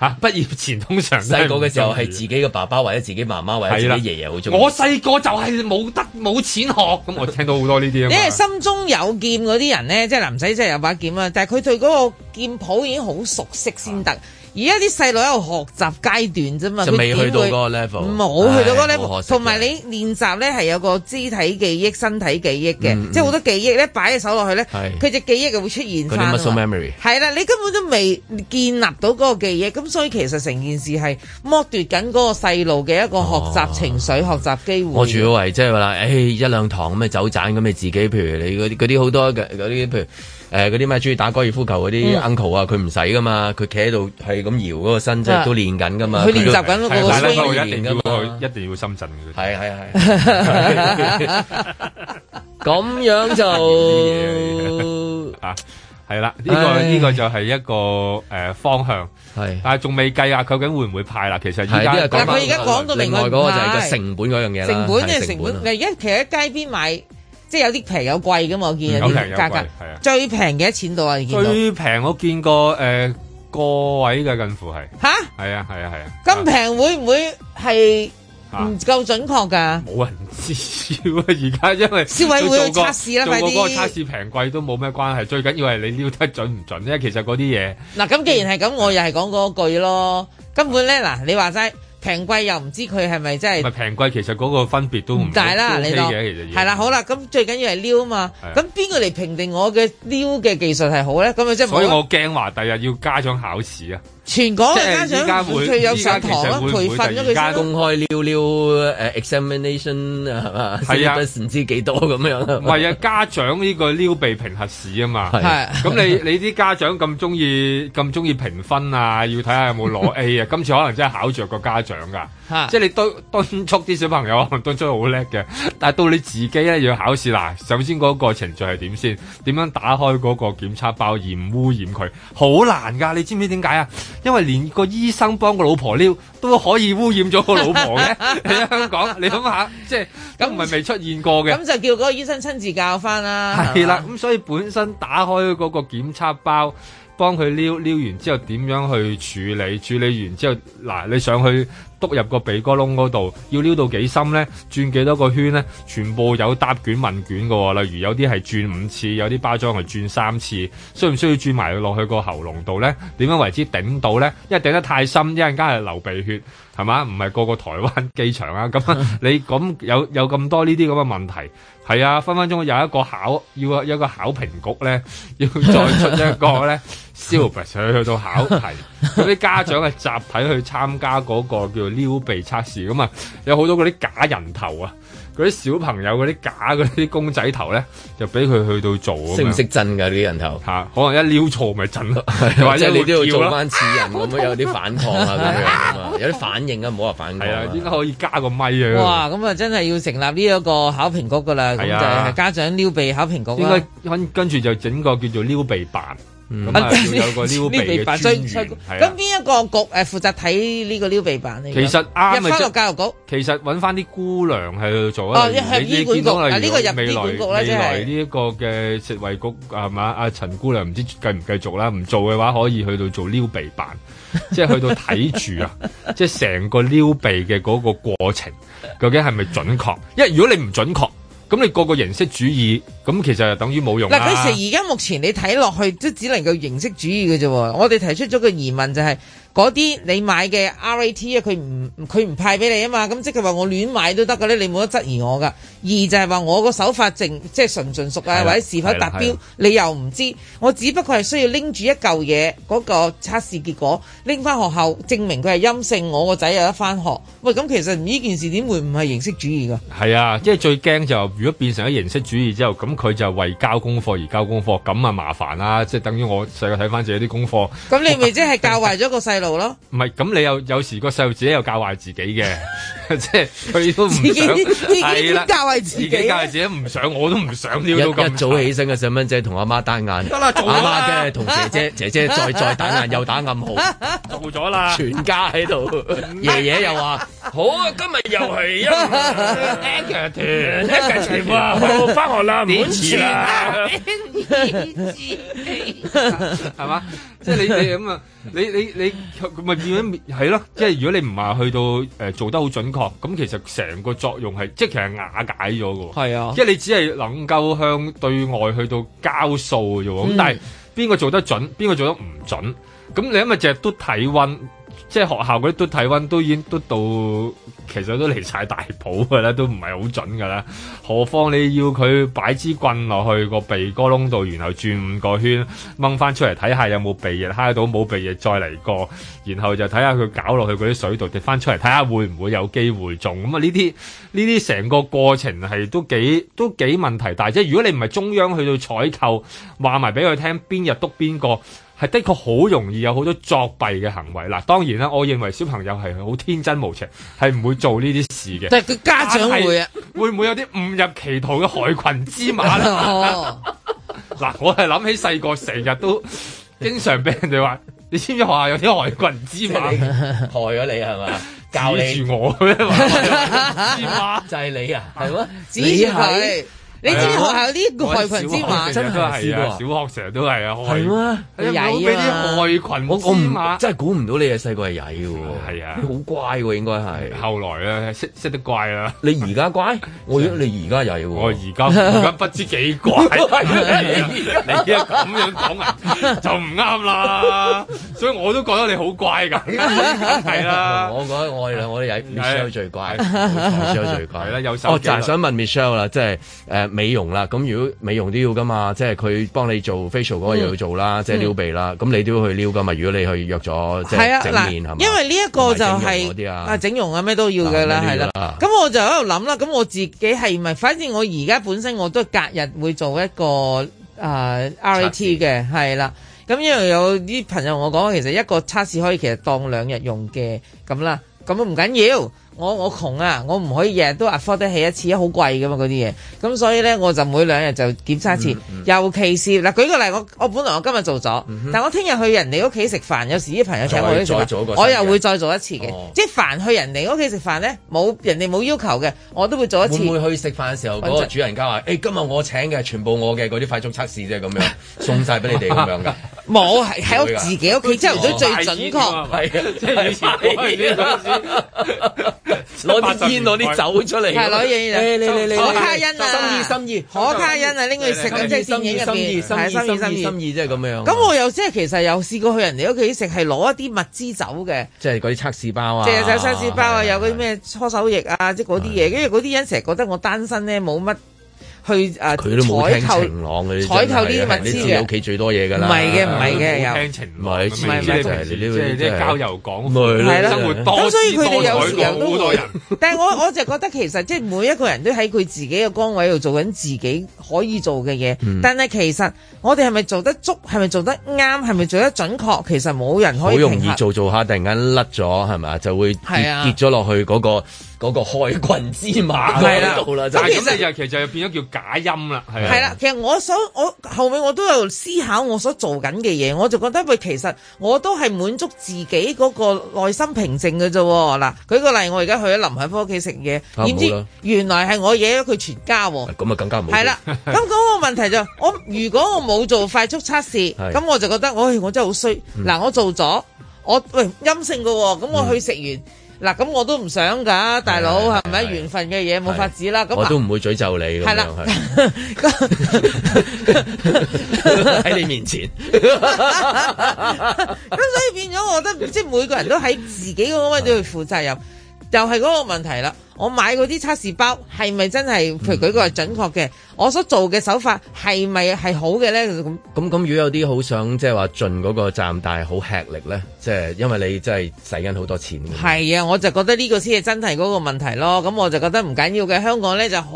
吓！畢、啊、業前通常細個嘅時候係自己嘅爸爸或者自己媽媽或者自己爺爺好中意。我細個就係冇得冇錢學咁， 我聽到好多呢啲啊。因為心中有劍嗰啲人咧，即係男仔真係有把劍啊，劍但係佢對嗰個劍譜已經好熟悉先得。啊而家啲細路喺度學習階段啫嘛，佢未去到嗰個 level，冇去到嗰個 level 唉。同埋你練習咧係有個肢體記憶、身體記憶嘅，即係好多記憶咧擺隻手落去咧，佢隻、嗯、記憶就會出現佢嗰啲 muscle memory。係啦，你根本都未建立到嗰個記憶，咁所以其實成件事係剝奪緊嗰個細路嘅一個學習情緒、哦、學習機會。我主要為，即係話啦，誒一兩堂咁嘅走盞咁，你自己譬如你嗰啲好多嘅啲譬如。誒嗰啲咩中意打高爾夫球嗰啲 uncle 啊，佢唔使噶嘛，佢企喺度係咁搖嗰個身，即係都練緊噶嘛。佢練習緊嗰個飛一定要去，一定要去深圳嘅。係係係。咁樣就啊，係啦，呢個呢個就係一個誒方向係，但係仲未計啊，究竟會唔會派啦？其實而家但佢而家講到另外嗰個就係個成本嗰樣嘢，成本，成本。你而家企喺街邊買。即係有啲平有貴嘅嘛，我見有啲平價格係啊，最平幾多錢度啊？已經最平我見過誒、呃、個位嘅近乎係吓，係啊係啊係啊，咁平、啊啊、會唔會係唔夠準確噶？冇、啊、人知而家因為消委會去測試啦，測試係快啲點！嗰個測試平貴都冇咩關係，最緊要係你料得準唔準咧。其實嗰啲嘢嗱，咁既然係咁，嗯、我又係講嗰句咯，啊、根本咧嗱，你話齋。平貴又唔知佢係咪真係？唔係平貴，其實嗰個分別都唔大啦。OK、你當係啦，好啦，咁最緊要係撩啊嘛。咁邊個嚟評定我嘅撩嘅技術係好咧？咁咪即係所以我驚話第日要加場考試啊！全港嘅家長，佢有食堂、uh, 啊，培訓佢先公開撩撩誒 examination 係嘛？係啊，唔知幾多咁樣。唔係啊，家長呢個撩鼻評核試啊嘛。係、啊。咁你你啲家長咁中意咁中意評分啊，要睇下有冇攞 A 啊？ 今次可能真係考着個家長㗎。即係你敦敦促啲小朋友，敦促好叻嘅，但係到你自己咧要考試喇，首先嗰個程序係點先？點樣打開嗰個檢測包而唔污染佢？好難噶，你知唔知點解啊？因為連個醫生幫個老婆撩都可以污染咗個老婆嘅。係啊， 香港你諗下，即係咁唔係未出現過嘅。咁 就叫嗰個醫生親自教翻啦。係啦，咁所以本身打開嗰個檢測包，幫佢撩撩完之後，點樣去處理？處理完之後，嗱，你上去。篤入個鼻哥窿嗰度，要撩到幾深呢？轉幾多個圈呢？全部有答卷問卷嘅喎、哦，例如有啲係轉五次，有啲包裝係轉三次，需唔需要轉埋落去個喉嚨度呢？點樣為之頂到呢？因為頂得太深，一陣間係流鼻血，係嘛？唔係個個台灣機場啊，咁你咁有有咁多呢啲咁嘅問題，係啊，分分鐘有一個考要有一個考評局呢，要再出一個呢。s e r 去到考題，嗰啲 家長係集體去參加嗰個叫做撩鼻測試，咁啊有好多嗰啲假人頭啊，嗰啲小朋友嗰啲假嗰啲公仔頭咧，就俾佢去到做，識唔識真㗎啲人頭？嚇、啊，可能一撩錯咪震咯， 是 或者你，你都要做翻似人咁樣，有啲反抗啊， 有啲反應反啊，唔好話反抗。係啊，點解 可以加個咪啊？哇，咁啊真係要成立呢一個考評局㗎啦，家長撩鼻考評局。應該、啊、跟跟住就整個叫做撩鼻辦。咁啊，有個撩鼻咁邊一個局誒負責睇呢個撩鼻板咧？其實啱啊，即係教育局。其實搵翻啲姑娘係去做啊。哦，向醫管局，呢個入醫管局咧，即係未來呢一個嘅食衛局啊嘛。阿陳姑娘唔知繼唔繼續啦？唔做嘅話，可以去到做撩鼻板，即係去到睇住啊，即係成個撩鼻嘅嗰個過程，究竟係咪準確？因為如果你唔準確。咁你個個形式主義，咁其實就等於冇用嗱，佢時而家目前你睇落去都只能夠形式主義嘅啫，我哋提出咗個疑問就係、是。嗰啲你買嘅 RAT 啊，佢唔佢唔派俾你啊嘛，咁即係話我亂買都得嘅咧，你冇得質疑我噶。二就係話我個手法正，即係純唔純熟啊，吧或者是否達標，你又唔知。我只不過係需要拎住一舊嘢嗰個測試結果，拎翻學校證明佢係陰性，我個仔有得翻學。喂，咁其實呢件事點會唔係形式主義噶？係啊，即係最驚就是、如果變成咗形式主義之後，咁佢就為交功課而交功課，咁啊麻煩啦。即、就、係、是、等於我細個睇翻自己啲功課。咁你咪即係教壞咗個細路。 咯，唔係，咁你有有時個細路自己又教壞自己嘅，即係佢都唔想係啦，教壞自己教壞自己唔想，我都唔想。到咁一早起身嘅細蚊仔同阿媽打眼，得啦，做咗啦，同姐姐姐姐再再打眼，又打暗號，做咗啦，全家喺度，爺爺又話好啊，今日又係音樂團，一陣前話返學啦，唔好遲啦，係嘛，即係你你咁啊，你你你。咪變咗係咯，即係 如果你唔係去到誒做得好準確，咁其實成個作用係即係其實瓦解咗嘅，係是啊，即係你只係能夠向對外去到交數啫喎，咁但係邊個做得準，邊個做得唔準，咁你因為隻都體温。即係學校嗰啲篤體温都已經篤到，其實都離晒大譜㗎啦，都唔係好準㗎啦。何況你要佢擺支棍落去個鼻哥窿度，然後轉五個圈掹翻出嚟睇下有冇鼻液揩到，冇鼻液再嚟過，然後就睇下佢搞落去嗰啲水度跌翻出嚟睇下會唔會有機會中。咁啊呢啲呢啲成個過程係都幾都幾問題，但係即係如果你唔係中央去到採購，話埋俾佢聽邊日篤邊個。係的確好容易有好多作弊嘅行為，嗱，當然啦，我認為小朋友係好天真無邪，係唔會做呢啲事嘅。但係是佢家長會啊，會唔會有啲誤入歧途嘅害群之馬咧？嗱， 我係諗起細個成日都經常俾人哋話，你知唔知學校有啲害群之馬害咗你係咪？搞住我咩？之馬、 啊、就係、是、你啊，係咩？只係、啊。是你知學校呢啲害羣之馬，真係啊！小學成日都係啊，係咩？啲害群。我馬，真係估唔到你嘅細個係曳嘅喎，係啊！好乖喎，應該係。後來咧，識識得乖啦。你而家乖？我你而家曳喎。我而家而家不知幾乖。你一咁樣講啊，就唔啱啦。所以我都覺得你好乖㗎，係啦。我覺得我兩我啲仔 Michelle 最乖，Michelle 最乖。啦，右我就係想問 Michelle 啦，即係誒。美容啦，咁如果美容都要噶嘛，即係佢幫你做 facial 嗰個又要做啦，嗯、即係撩鼻啦，咁、嗯、你都要去撩噶嘛。如果你去約咗即係整面因為呢一個就係、是、啊、啊整容啊咩都要噶啦，係、啊、啦。咁啦、啊、我就喺度諗啦，咁我自己係咪？反正我而家本身我都隔日會做一個誒 RAT 嘅，係、呃、試啦。咁因為有啲朋友同我講，其實一個測試可以其實當兩日用嘅咁啦，咁都唔緊要。我我窮啊，我唔可以日日都 afford 得起一次，好貴噶嘛嗰啲嘢。咁所以咧，我就每兩日就檢測一次。尤其是嗱，舉個例，我我本來我今日做咗，但我聽日去人哋屋企食飯，有時啲朋友請我去做，我又會再做一次嘅。即係凡去人哋屋企食飯咧，冇人哋冇要求嘅，我都會做一次。會唔會去食飯嘅時候嗰個主人家話，誒，今日我請嘅，全部我嘅嗰啲快速測試啫，咁樣送晒俾你哋咁樣嘅？冇，係喺我自己屋企，朝頭早最準確。攞支煙攞啲酒出嚟，攞嘢可卡因啊！心意心意可卡因啊！拎佢食咁即係電影入面，心意。心意心意心意即係咁樣。咁我又即係其實有試過去人哋屋企食，係攞一啲物資走嘅，即係嗰啲測試包啊，即係有測試包啊，有嗰啲咩搓手液啊，即係嗰啲嘢。跟住嗰啲人成日覺得我單身咧，冇乜。去誒採購，採購呢啲物資嘅，你知你屋企最多嘢㗎啦。唔係嘅，唔係嘅，有，唔係你知唔知，就係你呢個即係即係交遊港嚟咯。係咯。咁所以佢哋有時人都好多人，但係我我就覺得其實即係每一個人都喺佢自己嘅崗位度做緊自己可以做嘅嘢。但係其實我哋係咪做得足？係咪做得啱？係咪做得準確？其實冇人可以。好容易做做下，突然間甩咗係咪啊？就會跌咗落去嗰個。嗰個害羣之馬喺度啦，咁其實又其實又變咗叫假陰啦，係啊，係啦，其實我所我後尾我都有思考我所做緊嘅嘢，我就覺得喂，其實我都係滿足自己嗰個內心平靜嘅啫、哦。嗱、啊，舉個例，我而家去咗林海峰屋企食嘢，點知原來係我惹咗佢全家、哦，咁啊更加唔係啦。咁嗰、那個問題就是、 我如果我冇做快速測試，咁 是的 我就覺得，哎，我真係好衰。嗱、啊，我做咗，我喂陰性嘅喎，咁我去食完。嗯嗱咁我都唔想㗎，大佬係咪啊？緣分嘅嘢冇法子啦。咁我都唔會詛咒你。係啦，喺你面前。咁所以變咗，我覺得即係每個人都喺自己嗰個位置都要負責任，又係嗰個問題啦。我買嗰啲測試包係咪真係？譬如舉個例、嗯、準確嘅，我所做嘅手法係咪係好嘅咧？咁咁咁，如果有啲好想即係話進嗰個站，但係好吃力咧，即係因為你真係使緊好多錢。係啊，我就覺得呢個先係真係嗰個問題咯。咁我就覺得唔緊要嘅，香港咧就好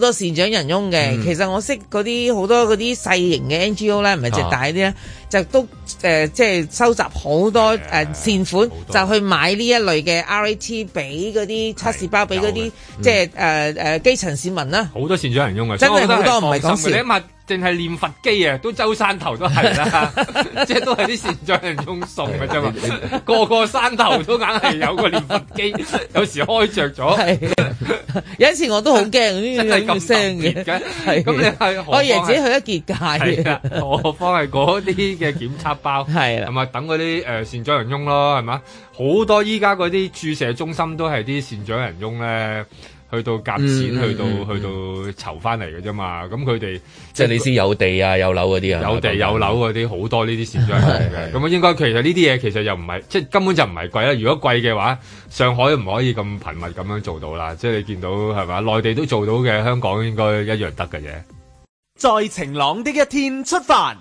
多善長人翁嘅。嗯、其實我識嗰啲好多嗰啲細型嘅 NGO 咧，唔係直大啲咧，就都誒、呃、即係收集好多誒、嗯呃、善款，就去買呢一類嘅 RAT 俾嗰啲測試包。俾嗰啲即係誒誒基層市民啦、啊，好多善長人翁，真係的好多唔係講笑。淨係念佛機啊，都周山頭都係啦， 即係都係啲善長人翁送噶啫嘛， 個個山頭都硬係有個念佛機， 有時開着咗。有一次我都好驚，真係咁特別嘅。咁你係我爺自己去咗結界，何 啊，我係嗰啲嘅檢測包，係同埋等嗰啲誒善長人翁咯，係嘛，好多依家嗰啲注射中心都係啲善長人翁咧。去到夾錢，去到去到籌翻嚟嘅啫嘛。咁佢哋即係你先有地啊，有樓嗰啲啊，有地有樓嗰啲好多呢啲業主係嘅。咁啊，應該其實呢啲嘢其實又唔係，即係根本就唔係貴啦。如果貴嘅話，上海唔可以咁頻密咁樣做到啦。即係你見到係嘛，內地都做到嘅，香港應該一樣得嘅嘢。在晴朗的一天出發，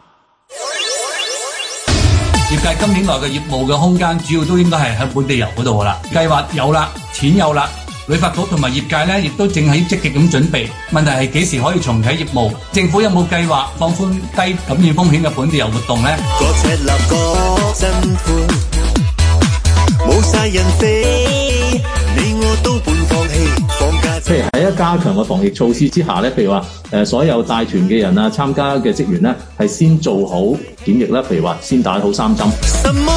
業界今年內嘅業務嘅空間主要都應該係喺本地遊嗰度啦。計劃有啦，錢有啦。旅發局同埋業界呢，亦都正喺積極咁準備。問題係幾時可以重啟業務？政府有冇計劃放寬低感染風險嘅本地遊活動呢？放假，譬如喺一加強嘅防疫措施之下呢，譬如話，誒所有帶團嘅人啊，參加嘅職員呢，係先做好檢疫啦。譬如話，先打好三針。什麼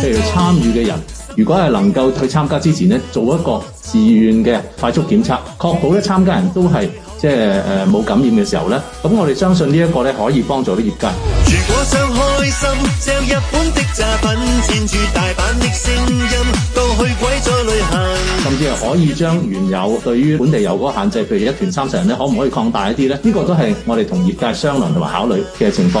譬如參與嘅人，如果係能夠去參加之前呢，做一個自願嘅快速檢測，確保咧參加人都係即係誒冇感染嘅時候呢。咁我哋相信呢一個呢，可以幫助啲業界。甚至係可以將原有對於本地遊嗰個限制，譬如一團三十人呢，可唔可以擴大一啲呢？呢個都係我哋同業界商量同埋考慮嘅情況。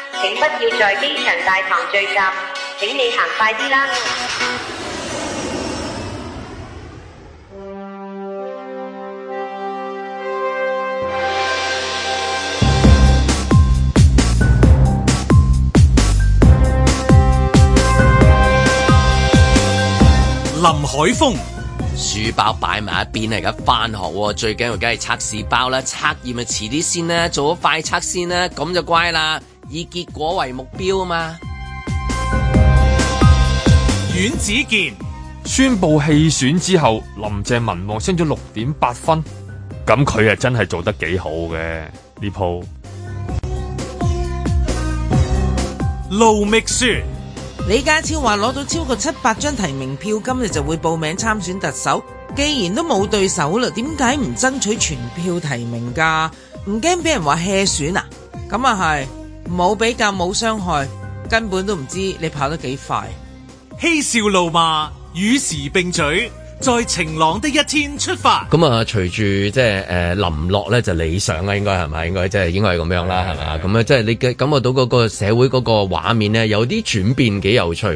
請不要在機場大堂聚集，請你行快啲啦！林海峰，書包擺埋一邊啦，而家翻學喎，最緊要梗係測試包啦，測驗啊遲啲先啦，做咗快測先啦，咁就乖啦。以結果為目標嘛？阮子健宣布棄選之後，林鄭文望升咗六點八分，咁佢啊真係做得幾好嘅呢鋪。盧覓雪李家超話攞到超過七百張提名票，今日就會報名參選特首。既然都冇對手啦，點解唔爭取全票提名噶？唔驚俾人話棄選啊？咁啊係。冇比較冇傷害，根本都唔知道你跑得幾快。嬉笑怒罵，與時並進。 在晴朗的一天出發咁啊！隨住即係誒淋落咧，就理想啊，應該係咪？應該即係應該係咁樣啦，係咪啊？咁咧，即係你感覺到嗰個社會嗰個畫面咧，有啲轉變幾有趣。譬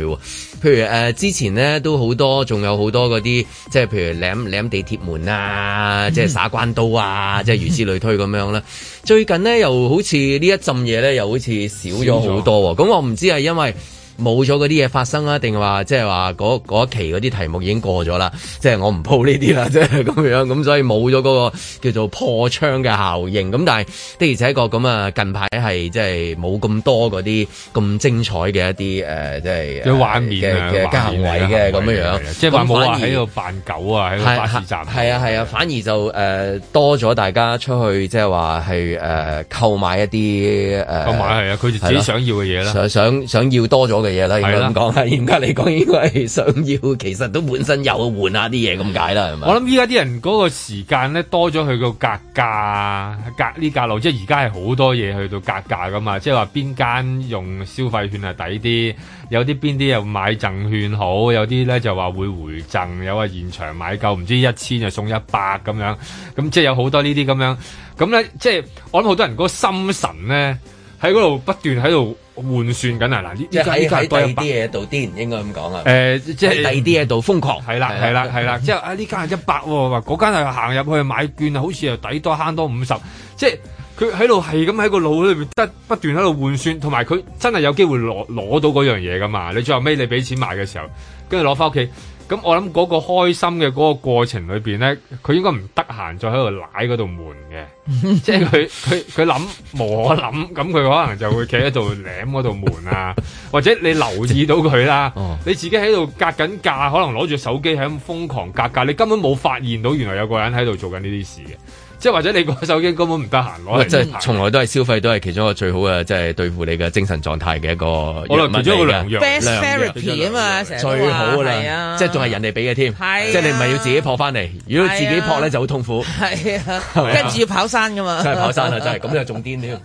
如誒、呃，之前呢，都好多，仲有好多嗰啲即係譬如舐舐地鐵門啊，即係耍關刀啊，即係 如此類推咁樣啦。 最近呢，又好似呢一浸嘢咧，又好似少咗好多喎。咁我唔知係因為。冇咗啲嘢發生啊？定話即係話嗰一期啲題目已經過咗啦，即係我唔鋪呢啲啦，即係咁樣咁，所以冇咗、嗰個叫做破窗嘅效應咁但係的而且確咁啊，近排係即係冇咁多啲咁精彩嘅一啲誒即係畫面嘅嘅行為嘅咁樣樣，即係話冇話喺度扮狗啊，喺巴士站係啊，係啊，反而就誒、呃、多咗大家出去，即係話係誒購買一啲誒購買係啊，佢哋自己想要嘅嘢啦，想想要多咗。嘅嘢啦，咁講下，嚴格嚟講應該係想要，其實都本身有換下啲嘢咁解啦，係嘛？我諗依家啲人嗰個時間咧多咗，佢個格價格呢格路，即係而家係好多嘢去到格價噶嘛，即係話邊間用消費券係抵啲，有啲邊啲又買贈券好，有啲咧就話會回贈，有啊現場買夠唔知一千就送一百咁樣，咁即係有好多呢啲咁樣，咁咧即係我諗好多人嗰個心神咧。喺嗰度不斷喺度換算緊啊！嗱，呢間係第二啲嘢度，啲唔 100, 應該咁講啊！誒、呃，即係第二啲嘢度瘋狂，係啦，係啦，係啦！之後 啊，呢間係一百喎，話嗰間係行入去買券啊，好似又抵多慳多五十。即係佢喺度係咁喺個腦裏面得不斷喺度換算，同埋佢真係有機會攞攞到嗰樣嘢㗎嘛？你最後尾你俾錢買嘅時候，跟住攞翻屋企。咁、嗯、我諗嗰個開心嘅嗰個過程裏邊咧，佢應該唔得閒再喺度舐嗰度門嘅， 即係佢佢佢諗無可諗，咁佢可能就會企喺度舐嗰度門啊， 或者你留意到佢啦，你自己喺度格緊價，可能攞住手機喺咁瘋狂格價。你根本冇發現到原來有個人喺度做緊呢啲事嘅。即係或者你個手機根本唔得閒，攞，即係從來都係消費都係其中一個最好嘅，即係對付你嘅精神狀態嘅一個。我嚟完咗個良藥，良藥，best therapy 啊嘛，成日話最好啦，啊、即係仲係人哋俾嘅添，啊、即係你唔係要自己撲翻嚟，如果自己撲咧就好痛苦，啊啊、吧跟住要跑山噶嘛，真係跑山啦，真係咁就仲癲添，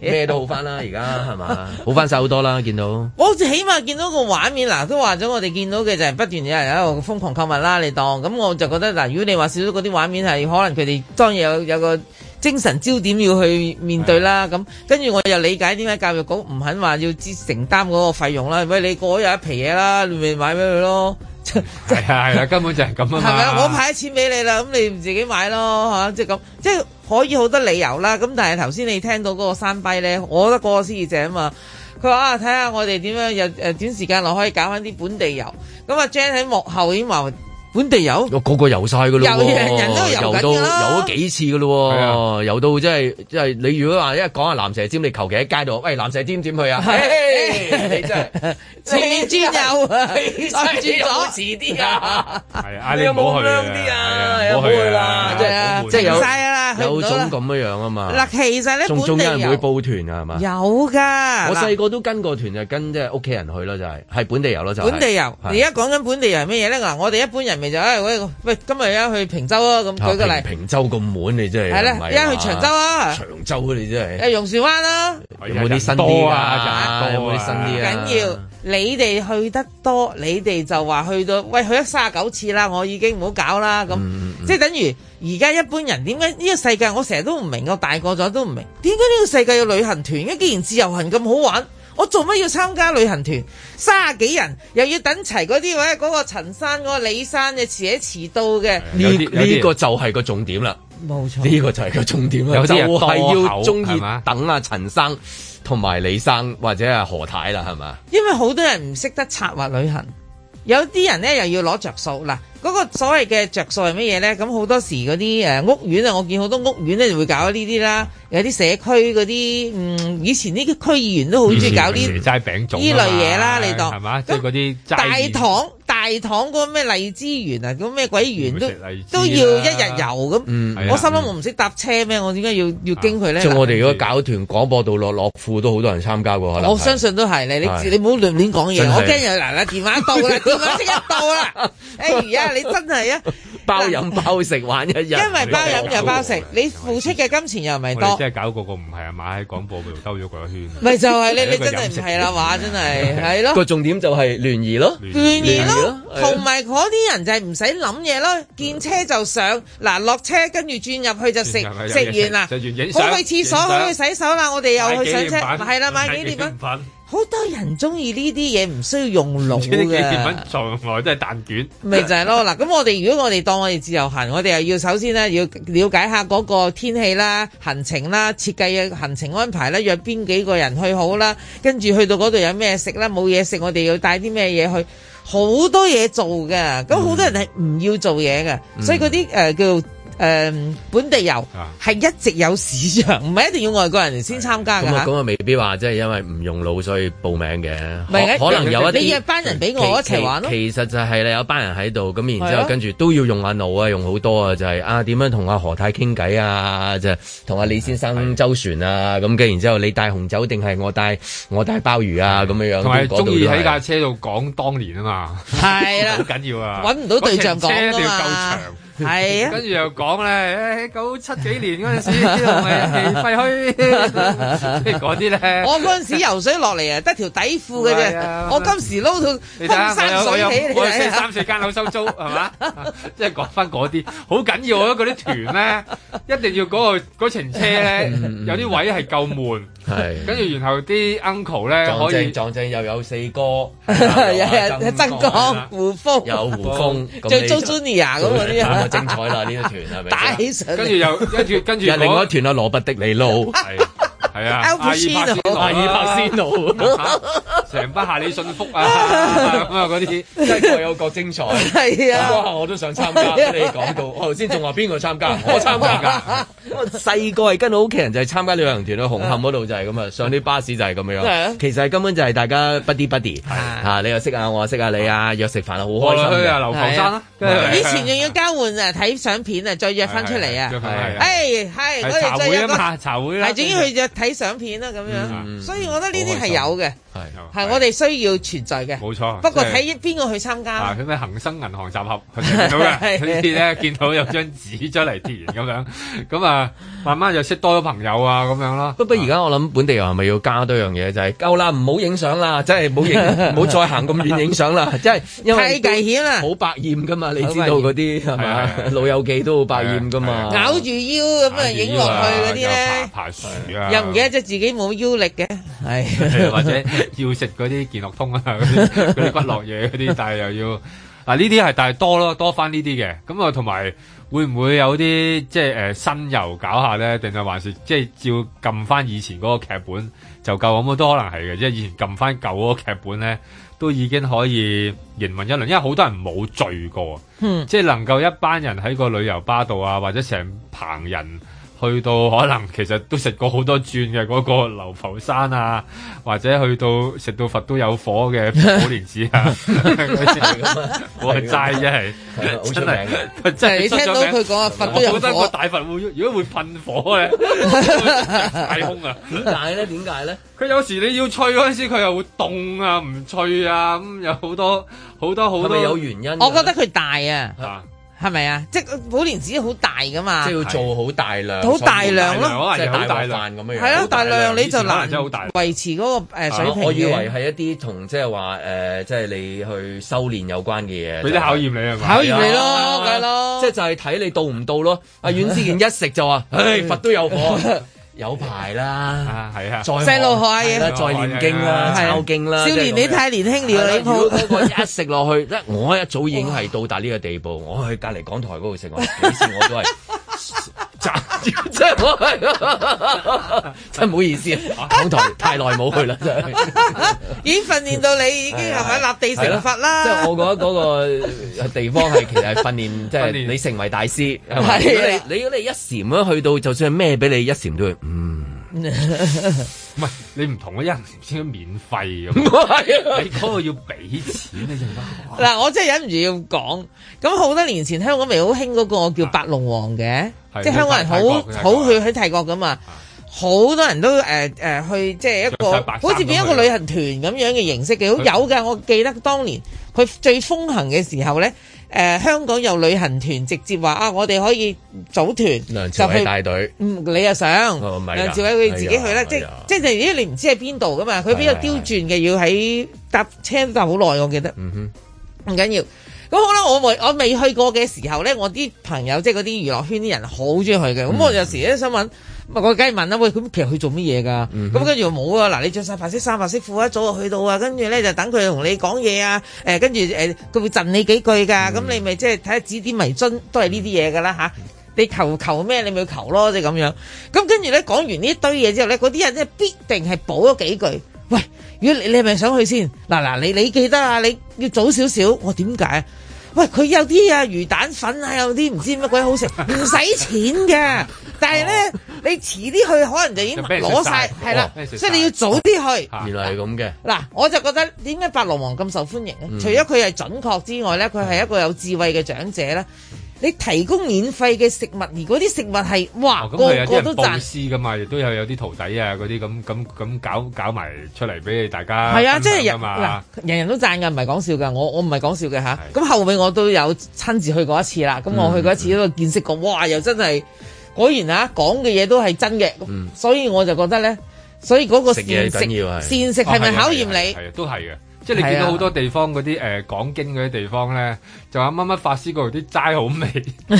咩、啊、都好翻啦，而家係嘛，好翻晒好多啦，見到我最起碼見到個畫面嗱，都話咗我哋見到嘅就係不斷有人喺度瘋狂購物啦，你當咁我就覺得嗱，如果你話少咗嗰啲畫面係可能佢哋當夜。有有個精神焦點要去面對啦，咁跟住我又理解點解教育局唔肯話要支承擔嗰個費用啦，喂你過有一皮嘢啦，你咪買俾佢咯，係啊係啊，根本就係咁啊嘛，係咪啊？我派錢俾你啦，咁你自己買咯吓，即係咁，即係可以好多理由啦。咁但係頭先你聽到嗰個山跛咧，我覺得嗰個師姐啊嘛，佢話啊睇下我哋點樣又誒短時間內可以搞翻啲本地遊，咁啊 Jean 喺幕後已經話。本地遊，我個個遊晒噶啦，人人都遊緊噶啦，遊咗幾次噶啦，遊到即係即係你如果話一講下蚺蛇尖，你求其喺街度，喂，蚺蛇尖點去啊？你真係遲尖有，遲咗遲啲啊！係啊，你唔好去啊！唔好去啦，即係即係有有種咁樣樣啊嘛。嗱，其實咧本地遊，仲仲有人會報團啊？係嘛？有噶，我細個都跟過團就跟即係屋企人去咯，就係係本地遊咯就。本地遊，你而家講緊本地遊咩嘢咧？嗱，我哋一般人。咪就誒，喂，今日而家去平洲啊，咁舉個例，平洲咁滿你真係，係啦，而家去長洲啊，長洲，啊、你真係，誒榕樹灣啦，有冇啲新啲啊，多啲新啲啊，緊要你哋去得多，你哋就話去到，喂，去咗三十九次啦，我已經唔好搞啦。咁、嗯嗯、即係等於而家一般人點解呢個世界，我成日都唔明，我大個咗都唔明，點解呢個世界嘅旅行團？因既然自由行咁好玩。我做乜要參加旅行團？三十幾人又要等齊嗰啲位嗰個陳生、嗰、那個李生嘅遲一遲到嘅。呢呢、這個這個就係個重點啦，冇錯錯。呢個就係個重點啦，錯有啲人多口係等阿陳生同埋吧李生或者阿何太啦，係咪？因為好多人唔識得策劃旅行。有啲人咧又要攞着數嗱，嗰個所謂嘅着數係乜嘢咧？咁好多時嗰啲誒屋苑啊，我見好多屋苑咧會搞呢啲啦，有啲社區嗰啲，嗯，以前啲區議員都好中意搞啲呢類嘢啦，你當係嘛？即係嗰啲大堂。大棠嗰個咩荔枝園啊，嗰咩鬼園都都要一日遊。咁、嗯啊。我心諗我唔識搭車咩？我點解要要經佢咧？即、嗯嗯、我哋如果搞團廣播道落樂富都好多人參加喎，可能我相信都係你的，你你唔好亂亂講嘢，我驚又嗱嗱電話到啦，電話即刻到啦。 哎如啊，你真係啊！包飲包食玩一日，因為包飲又包食，你付出嘅金錢又唔係多。即係搞嗰個唔係啊，買喺廣播度兜咗個圈。咪就係你，你真係唔係啦，話真係，係咯。個重點就係聯誼咯，聯誼咯，同埋嗰啲人就係唔使諗嘢咯，見車就上，嗱落車跟住轉入去就食，食完啦，好去廁所，好去洗手啦，我哋又去上車，係啦買幾點粉。好多人中意呢啲嘢，唔需要用腦嘅。啲紀念品都係蛋卷，咪 就係咯。嗱，咁我哋如果我哋當我哋自由行，我哋又要首先咧要了解下嗰個天氣啦、行程啦、設計嘅行程安排啦、約邊幾個人去好啦，跟住去到嗰度有咩食啦，冇嘢食我哋要帶啲咩嘢去，好多嘢做嘅。咁好、嗯、多人係唔要做嘢嘅，所以嗰啲誒叫做。誒本地遊係一直有市場，唔係一定要外國人先參加㗎。咁啊，咁啊，未必話即係因為唔用腦所以報名嘅。可能有一班人俾我一齊玩。其實就係、是、你有班人喺度，咁然之後，的然後跟住都要用下腦、就是、啊，用好多啊，就係啊，點樣同阿何太傾偈啊，就係同阿李先生周旋啊，咁跟的然之後，然後你帶紅酒定係我帶我帶鮑魚啊，咁的樣樣。同埋中意喺架車度講當年啊嘛，係啊的，好 緊要啊，揾唔 到對象講啊嘛。係啊，跟住又講咧，喺九七幾年嗰陣時，知道唔係氣廢墟嗰啲咧。我嗰陣時游水落嚟啊，得條底褲嘅啫。我今時撈到香山水起嚟啊。我有三四間樓收租係嘛？即係講翻嗰啲好緊要啊！嗰啲團咧一定要嗰個嗰程車咧有啲位係夠悶。係。跟住然後啲 uncle 咧可以撞正，撞正又有四哥，日日曾江胡楓、有胡楓，仲有 Joe Junior 啊咁嗰啲啊。精 彩啦！呢一團係咪？跟住又跟住跟住又另外一團啊。 羅拔迪尼路。係啊，阿爾巴仙奴，阿爾巴仙奴，成班下你信福啊，咁啊嗰啲，真係各有各精彩。係啊，哇，我都想參加，你講到我頭先仲話邊個參加，我參加㗎。細個係跟到屋企人就係參加旅行團咯，紅磡嗰度就係咁啊，上啲巴士就係咁樣。其實根本就係大家 buddy buddy，啊，你又識下我識下你啊，約食飯好開心啊。流塘山以前仲要交換啊，睇相片啊，再約翻出嚟啊。誒，係，我哋再約。茶會啦，茶會啦。係，終於睇。睇相片啦咁樣，嗯、所以我覺得呢啲係有嘅。係，我哋需要存在嘅。冇錯，不過睇邊個去參加。啊，佢咩恒生銀行集合，呢啲咧見到有張紙出嚟填咁樣，咁啊，慢慢就識多咗朋友啊，咁樣啦。不不，而家我諗本地人係咪要加多樣嘢？就係夠啦，唔好影相啦，真係唔好，唔好再行咁遠影相啦，真係太危險啦。好百厭噶嘛，你知道嗰啲係嘛，老友記都好百厭噶嘛，咬住腰咁啊影落去嗰啲咧，又爬樹啊，又唔記得咗自己冇腰力嘅，係或者。 要食嗰啲健樂通 啊，嗰啲骨落嘢嗰啲，但係又要嗱呢啲係但係多咯，多翻呢啲嘅。咁啊，同埋會唔會有啲即係誒、呃、新遊搞下咧？定係還是即係照撳翻以前嗰個劇本就夠咁、嗯、都可能係嘅，即係以前撳翻舊嗰個劇本咧，都已經可以營運一輪。因為好多人冇聚過，嗯、即係能夠一班人喺個旅遊巴度啊，或者成棚人。去到可能其實都食過好多轉嘅嗰個流浮山啊，或者去到食到佛都有火嘅保蓮子啊，我係齋啫係，真係真你聽到佢講啊，佛都有火，大佛會如果會噴火嘅大空啊，但係咧點解咧？佢有時你要吹嗰陣時佢又會凍啊，唔吹啊，咁有好多好多好多有原因。我覺得佢大啊。係咪啊？即係寶蓮寺好大噶嘛？即係要做好大量，好的大量咯，即係大量咁樣。係咯，大量，大量你就難維持嗰個水平，啊、我以為係一啲同即係話誒，即係你去修練有關嘅嘢，俾啲考驗你係嘛？的考驗你咯，咁咯，即係就係睇你到唔到咯。阿阮之健一食就話：唉、哎，佛都有火。 有排啦，係啊，細、啊、玩路學下、啊、再練經啦，考經啦。少年你太年輕了，你、啊、次一食落去， 我一早已經係到達呢個地步。哇我去隔離港台嗰度食，我幾時我都係。 真真唔好意思，港台太耐冇去啦，真係。 已經訓練到你已經係咪立地成佛啦？即係、啊啊啊就是、我覺得嗰個地方係其實訓練，即係 你成為大師。係，如果你如果你一禪咁去到，就算係咩俾你一禪都會，嗯。唔係， 你唔同我一唔先是、啊、要免費咁，啊，你嗰個要俾錢啊！正啦，嗱，我真係忍唔住要講。咁好多年前，香港咪好興嗰個我叫白龍王嘅，啊、即係香港人好好去去泰國咁啊。好多人都誒誒去即係一個，好似變一個旅行團咁樣嘅形式嘅，好有㗎。我記得當年佢最風行嘅時候咧，誒香港有旅行團直接話啊，我哋可以組團，就去帶隊。嗯，你又想？梁志偉佢自己去啦，即即係因為你唔知喺邊度噶嘛，佢比較刁轉嘅，要喺搭車搭好耐，我記得。嗯哼，唔緊要。咁好啦，我未我未去過嘅時候咧，我啲朋友即係嗰啲娛樂圈啲人好中意去嘅。咁、mm hmm. 我有時咧想問，我梗係問啦，喂，咁其實去做乜嘢噶？咁跟住冇啊，嗱，你著曬白色衫、白色褲一、啊、早就去到啊，跟住咧就等佢同你講嘢啊，誒、呃，跟住誒，佢、呃、會贈你幾句噶，咁、mm hmm. 你咪即係睇下指點迷津都係呢啲嘢噶啦嚇。你求求咩？你咪求咯，即係咁樣。咁跟住咧講完呢堆嘢之後咧，嗰啲人咧必定係補咗幾句。喂，如果你你係咪想去先？嗱嗱，你你記得啊，你要早少少。我點解啊？喂，佢有啲啊魚蛋粉啊，有啲唔知乜鬼好食，唔使 錢嘅。但係咧， 你遲啲去可能就已經攞晒，係啦。即係你要早啲去。原來係咁嘅。嗱，我就覺得點解白龍王咁受歡迎咧？嗯、除咗佢係準確之外咧，佢係一個有智慧嘅長者咧。你提供免費嘅食物，而嗰啲食物係，哇，個個都讚試噶嘛，亦都有有啲徒弟啊，嗰啲咁咁咁搞搞埋出嚟俾你大家係啊，即係人嗱，人人都讚噶，唔係講笑噶，我我唔係講笑嘅吓。咁後尾我都有親自去過一次啦。咁我去過一次都見識過，哇，又真係果然吓講嘅嘢都係真嘅。所以我就覺得咧，所以嗰個膳食膳食係咪考驗你？係都係嘅。即係你見到好多地方嗰啲，誒講經嗰啲地方咧，就話乜乜法師度啲齋好味， 你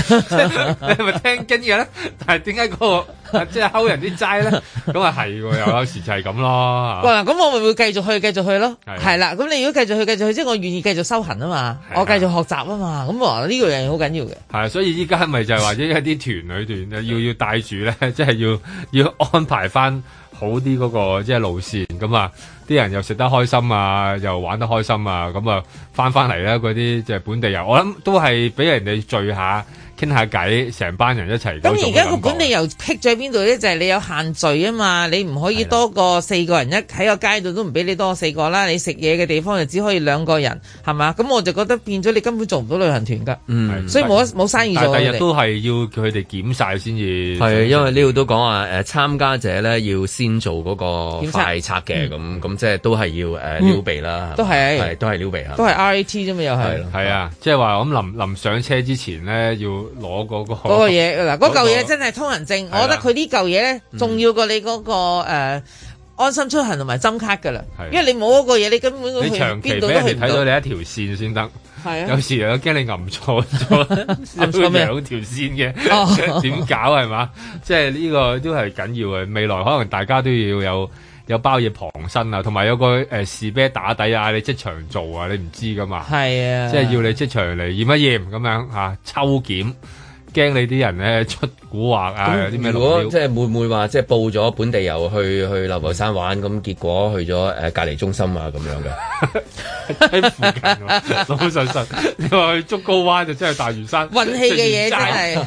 係咪聽經嘅咧？但係點解個即係勾人啲齋咧？咁啊係，有時就係咁咯。咁 我咪會繼續去，繼續去咯。係啦的，咁你如果繼續去，繼續去，即係我願意繼續修行啊嘛，的我繼續學習啊嘛。咁啊，呢樣嘢好緊要嘅。係所以依家咪就係話一一啲團旅團要要帶住咧，即係要要，要安排翻好啲嗰個即係路線咁啊。啲人又食得開心啊，又玩得開心啊，咁啊翻翻嚟啦，嗰啲即係本地人，我諗都係俾人哋聚下。傾下偈，成班人一齊。咁而家個管理又闢咗喺邊度咧？就係你有限聚啊嘛，你唔可以多過四個人一喺個街度都唔俾你多四個啦。你食嘢嘅地方就只可以兩個人，係嘛？咁我就覺得變咗你根本做唔到旅行團噶。所以冇冇生意做。但係第日都係要佢哋檢晒先至。係，因為呢度都講話誒，參加者咧要先做嗰個快測嘅，咁咁即係都係要誒撩鼻啦。都係，都係撩鼻啊。都係 RAT 啫嘛，又係。係咯。係啊，即係話咁臨臨上車之前咧要。攞嗰、嗰個嘢嗱，嗰嚿嘢真係通行證，嗰個、我覺得佢呢嚿嘢咧重要過你嗰、嗰個、嗯啊、安心出行同埋針卡噶啦，的因為你冇嗰個嘢，你根本你長期俾人哋睇到你一條線先得，係啊的，有時又驚你揞錯咗，兩 條線嘅點 搞係嘛？即係呢個都係緊要嘅，未來可能大家都要有。有包嘢旁身啊，同埋有個誒、呃、士啤打底啊，你即場做啊，你唔知噶嘛，係是啊，即係要你即場嚟驗一驗咁樣吓、啊、抽檢。驚你啲人咧出蠱惑啊！如果即係會唔會話即係報咗本地遊去去流浮山玩咁，結果去咗誒隔離中心啊咁樣嘅？喺附近，老老實實，你話去竹篙灣就真係大嶼山運氣嘅嘢真係，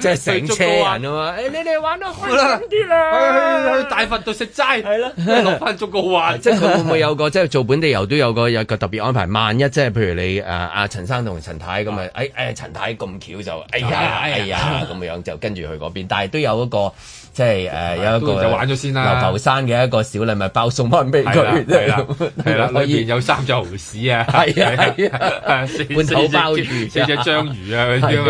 即係成車人啊嘛！你哋玩得開心啲啦，去大佛度食齋係咯，落翻竹篙灣。即係會唔會有個即係做本地遊都有個有個特別安排？萬一即係譬如你誒阿陳生同陳太咁啊，誒誒陳太咁巧就哎呀～哎呀，咁 樣就跟住去嗰邊，但係都有一個。即係誒有一個牛頭山嘅一個小禮物包送翻俾佢，係啦，係啦，裏邊有三隻蠔豉啊，係啊，係啊，誒，四隻鮑魚，四隻章魚啊，咁樣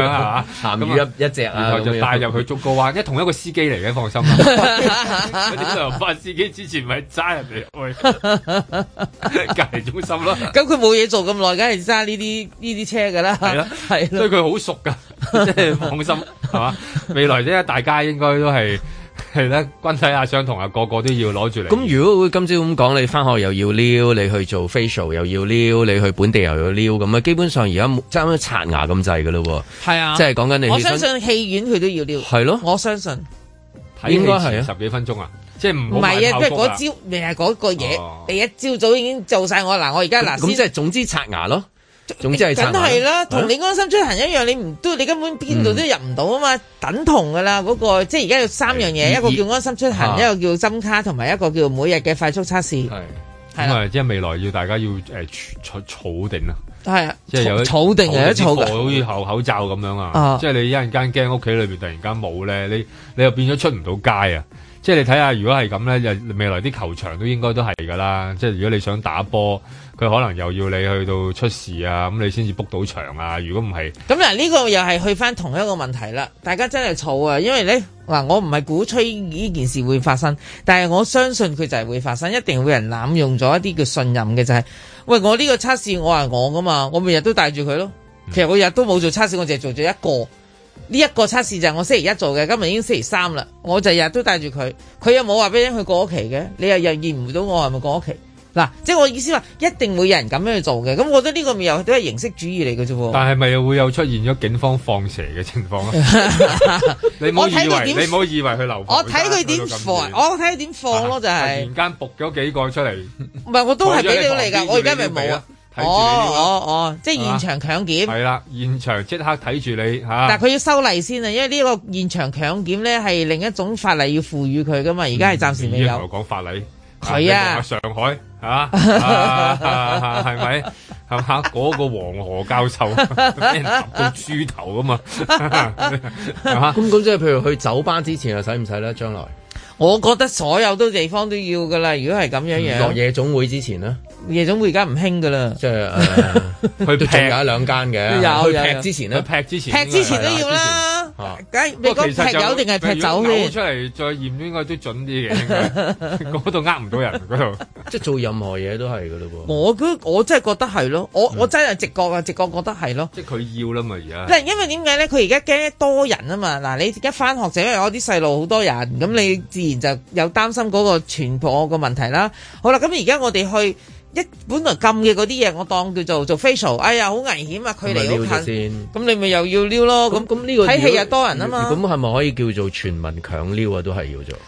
嚇，鹹魚一隻，然後就帶入去竹篙灣，因為同一個司機嚟嘅，放心啦。啲十八司機之前咪揸人哋去隔離中心咯。咁佢冇嘢做咁耐，梗係揸呢啲呢啲車㗎啦。係啦，係，所以佢好熟㗎，即係放心係嘛？未來咧，大家應該都係。係啦，均係也相同啊！個個，個都要攞住嚟。咁如果會今朝咁講，你翻學又要撩，你去做 facial 又要撩，你去本地又要撩，咁啊，基本上而家爭刷牙咁滯噶啦。係啊，即係講緊你。我相信戲院佢都要撩。係咯、啊，我相信。應該係十幾分鐘啊，即係唔係啊？即係嗰朝未係嗰個嘢，第、哦、一朝早已經做晒我嗱，我而家嗱，咁即係總之刷牙咯。總之係梗係啦，同你安心出行一樣，你唔都你根本邊度都入唔到啊嘛。嗯、等同噶啦，嗰個，即係而家有三樣嘢，欸、一個叫安心出行，啊、一個叫針卡，同埋一個叫每日嘅快速測試。係咁啊，即係的未來要大家要誒儲定啦，係啊，即係有儲定嚟一好似厚口罩咁樣的啊，即係你一陣間驚屋企裏邊突然間冇咧，你你，你又變咗出唔到街啊，就是！即係你睇下，如果係咁咧，又未來啲球場都應該都係噶啦，即係如果你想打波。佢可能又要你去到出事啊，咁你先至 book 到場啊。如果唔係，咁嗱呢個又係去翻同一個問題啦。大家真係嘈啊，因為咧嗱，我唔係鼓吹呢件事會發生，但係我相信佢就係會發生，一定會有人濫用咗一啲叫信任嘅就係、是，喂，我呢個測試我係我噶嘛，我每日都帶住佢咯。其實我日都冇做測試，我淨係做咗一個呢、一、這個測試就係我星期一做嘅，今日已經星期三啦，我就日日都帶住佢，佢又冇話俾人佢過咗期嘅，你又認認唔到我係咪過咗期？嗱，即係我意思話，一定會有人咁樣去做嘅。咁我覺得呢個咪又都係形式主義嚟嘅啫。但係咪又會有出現咗警方放蛇嘅情況咧？你唔好以為你唔好以為佢留？我睇佢點放，我睇佢點放咯，就係突然間撥咗幾個出嚟。唔係，我都係俾你嚟噶。我而家咪冇啊。哦哦哦，即係現場強檢。係啦，現場即刻睇住你吓。但係佢要修例先啊，因為呢個現場強檢咧係另一種法例要賦予佢噶嘛。而家係暫時未有。我講法例。係啊，上海。啊，係、啊、咪？係、啊、咪？嗰、啊啊嗰個黃河教授，插到豬頭咁嘛、啊？咁咁、 啊、即係，譬如去酒吧之前又使唔使咧？將來？我覺得所有都地方都要噶啦，如果係咁樣樣。落夜總會之前啦，夜總會而家唔興噶啦。即係佢都仲有一兩間嘅，有有劈之前劈之前劈之前都要啦。你劈油定係劈酒？攞出嚟再驗應該都準啲嘅，嗰度呃唔到人，嗰度即係做任何嘢都係噶嘞。我我真係覺得係咯，我我真係直覺啊，直覺覺得係咯。即係佢要啦嘛而家。嗱，因為點解咧？佢而家驚多人啊嘛。嗱，你一翻學就因為我啲細路好多人，咁你自就又擔心嗰個傳播個問題啦。好啦，咁而家我哋去一本來禁嘅嗰啲嘢，我當叫做做 facial 哎呀，好危險啊！距離近，咁你咪又要撩咯。咁咁呢個睇戲又多人啊嘛。咁係咪可以叫做全民強撩啊？都係要做。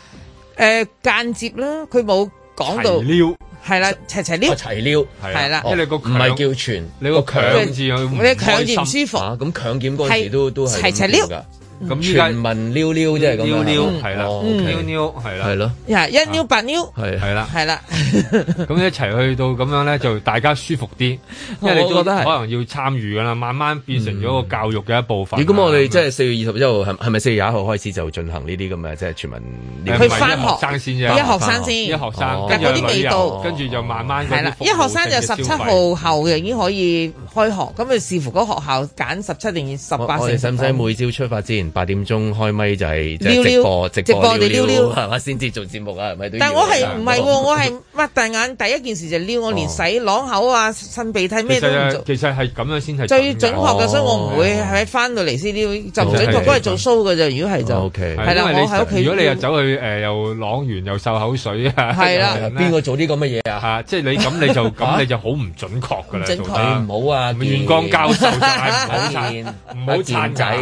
誒間接啦，佢冇講到撩，係啦，齊齊撩，齊撩，係啦。即係你個唔係叫傳，你個強字，你強唔舒服咁強檢嗰時都都係齊齊撩㗎。咁全民溜溜，即係咁啊，溜溜係啦，溜溜係啦，係咯，一溜八溜係係啦，係啦，咁一齊去到咁樣咧，就大家舒服啲。因為你覺得可能要參與噶啦，慢慢變成咗個教育嘅一部分。咁我哋即係四月二十一號係係咪四月廿號開始就進行呢啲咁嘅即係全民溜溜去翻學，生先一學生先一學生，但係啲味道，跟住就慢慢係啦。一學生就十七號後嘅已經可以開學，咁佢視乎嗰學校揀十七定十八。我使唔使每朝出發先？八點鐘開咪就係撩播直播地撩撩我先至做節目啊，係咪？但係我係唔係，我係擘大眼，第一件事就撩我連洗啷口啊、擤鼻涕咩都唔做。其實係咁樣先係最準確嘅，所以我唔會喺翻到嚟先撩，就唔準確都係做 show 嘅啫。如果係就 OK，係啦。如果你又走去誒又朗完又漱口水啊，係啦，邊個做啲咁嘅嘢啊？吓，即係你咁你就咁你就好唔準確噶啦。準確唔好啊，袁光教授就係唔好唔好擦仔。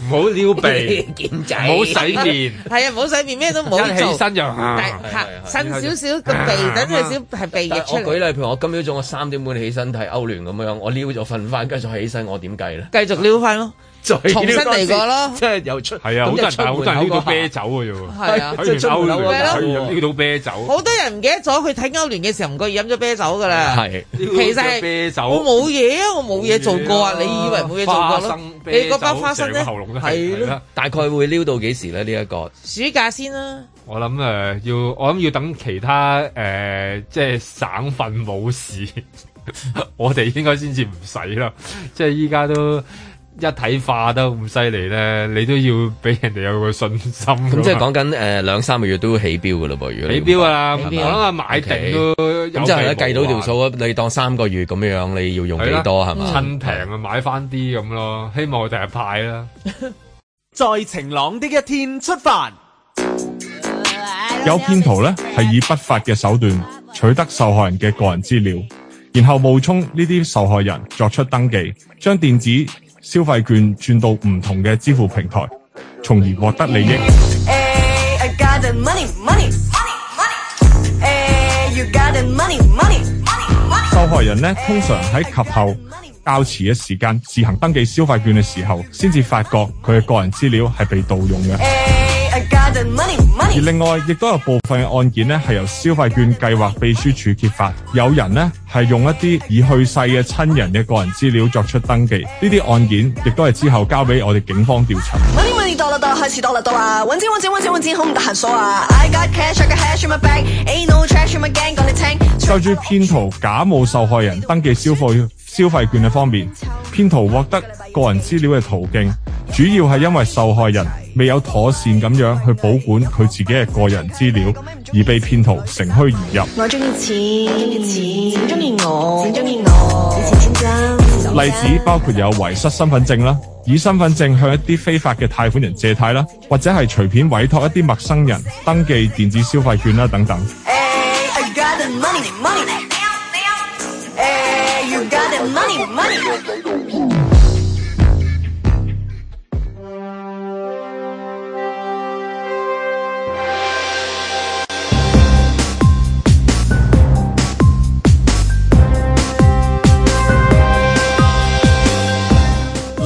唔好撩鼻 健仔，唔好洗面，係 啊，唔好洗面，咩都唔好做。 起身就吓，吓但，伸少少個鼻，是是等佢少係鼻嘅。我舉例，譬如我今朝早我三點半起身睇歐聯咁樣，我撩咗瞓翻，繼續起身，我點計咧？繼續撩翻咯。重新嚟過咯，即係又出係啊！好多人好多人到啤酒嘅喎，係啊，出歐聯，係到啤酒。好多人唔記得咗，佢睇歐聯嘅時候唔覺意飲咗啤酒噶啦。係，其實我冇嘢啊，我冇嘢做過啊。你以為冇嘢做過咯？你嗰包花生咧，喉嚨都係咯，大概會撩到幾時咧？呢一個暑假先啦。我諗誒，要我諗要等其他誒，即係省份冇事，我哋應該先至唔使啦。即係依家都。一體化都咁犀利咧，你都要俾人哋有個信心。咁即係講緊誒，兩、呃、三個月都會起標噶啦，噃起標啊，我諗啊買定都咁即係咧，計到條數，你當三個月咁樣，你要用幾多係嘛？趁平啊，吧便便買翻啲咁咯，希望我第日派啦。 在晴朗啲一,一天出發。有騙徒咧，係以不法嘅手段取得受害人嘅個人資料，然後冒充呢啲受害人作出登記，將電子。消費券轉到唔同嘅支付平台，從而獲得利益。受害人呢通常喺及後較遲嘅時間自行登記消費券嘅時候，先至發覺佢嘅個人資料係被盜用嘅。Hey, 而另外，亦都有部分嘅案件呢，係由消費券計劃秘書處揭發，有人呢，係用一啲已去世嘅親人嘅個人資料作出登記，呢啲案件亦都係之後交俾我哋警方調查。 多多開始多多、啊，搵錢，搵錢，搵錢，搵錢。好唔得閒數啊！I got, cash, I got my bank,、ain't no、trash in my gang。out of old cash human bank，any trash her human 講你聽，在住騙徒假冒受害人登記消費消費券嘅方面，騙徒獲得個人資料嘅途徑，主要係因為受害人未有妥善咁樣去保管佢自己嘅個人資料，而被騙徒乘虛而入。我中意錢，錢中意我，錢中意我。例子包括有遺失身份證啦，以身份證向一啲非法嘅貸款人借貸啦，或者係隨便委託一啲陌生人登記電子消費券啦等等。Hey,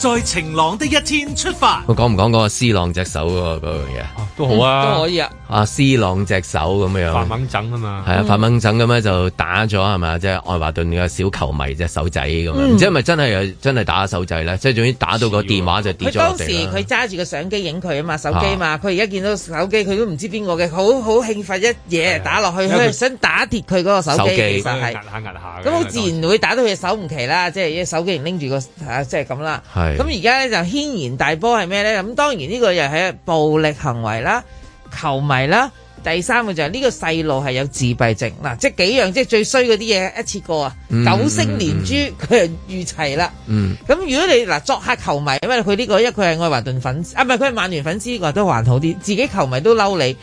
在晴朗的一天出發。我講唔講嗰個 C 朗隻手嗰個樣嘢？都好啊，都可以啊。啊，C 朗隻手咁樣。發猛震啊嘛。係啊，發猛震咁樣就打咗係嘛，即係愛華頓嘅小球迷隻手仔咁樣。唔知係咪真係又真係打手仔咧？即係總之打到個電話就跌咗落地。佢當時佢揸住個相機影佢啊嘛，手機嘛。佢而家見到手機，佢都唔知邊個嘅，好好興奮一嘢打落去，佢想打跌佢嗰個手機，其實係。咁好自然會打到佢隻手唔齊啦，即係啲手機拎住個，即係咁啦。咁而家咧就軒然大波係咩咧？咁當然呢個又係暴力行為啦，球迷啦。第三個就係、是、呢、這個細路係有自閉症嗱，即係幾樣，即係最衰嗰啲嘢一次過啊，嗯、九星連珠佢、嗯、就遇齊啦。咁、嗯、如果你嗱作客球迷，這個、因為佢呢個因為佢係愛華頓粉，啊唔係佢係曼聯粉絲，個都還好啲，自己球迷都嬲你。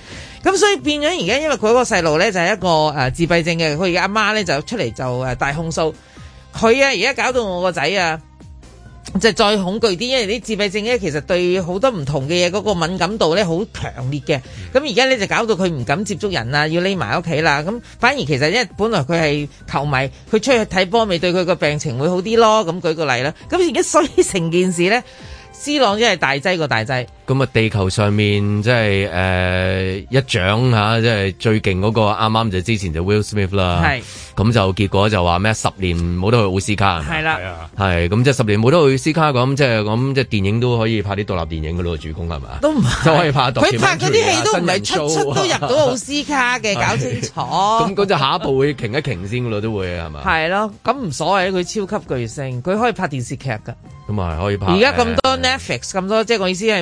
咁所以變咗而家，因為佢嗰個細路咧就係一個誒自閉症嘅，佢而家阿媽咧就出嚟就誒大控訴佢啊！而家搞到我個仔啊！就再恐懼啲，因為啲自閉症咧，其實對好多唔同嘅嘢嗰個敏感度咧，好強烈嘅。咁而家咧就搞到佢唔敢接觸人啦，要匿埋屋企啦。咁反而其實因為本來佢係球迷，佢出去睇波咪對佢個病情會好啲咯。咁舉個例啦，咁而家所以成件事呢，C 朗真係大劑過大劑。咁啊，地球上面即係誒、呃、一掌吓，即係最勁嗰、那個，啱啱就之前就 Will Smith 啦是。係，咁就結果就話咩十年冇得去奧斯卡。係啦的，係咁即係十年冇得去奧斯卡，咁即係咁即係電影都可以拍啲獨立電影噶咯，主公係嘛？都唔係，都可以拍到。佢拍嗰啲戲都唔係出出都入到奧斯卡嘅， 搞清楚。咁咁 那 就下一步會停一停先噶咯，都會係嘛？係咯，咁唔所謂，佢超級巨星，佢可以拍電視劇噶。咁啊，可以拍。而家咁多 Netflix 咁多，即係我意思係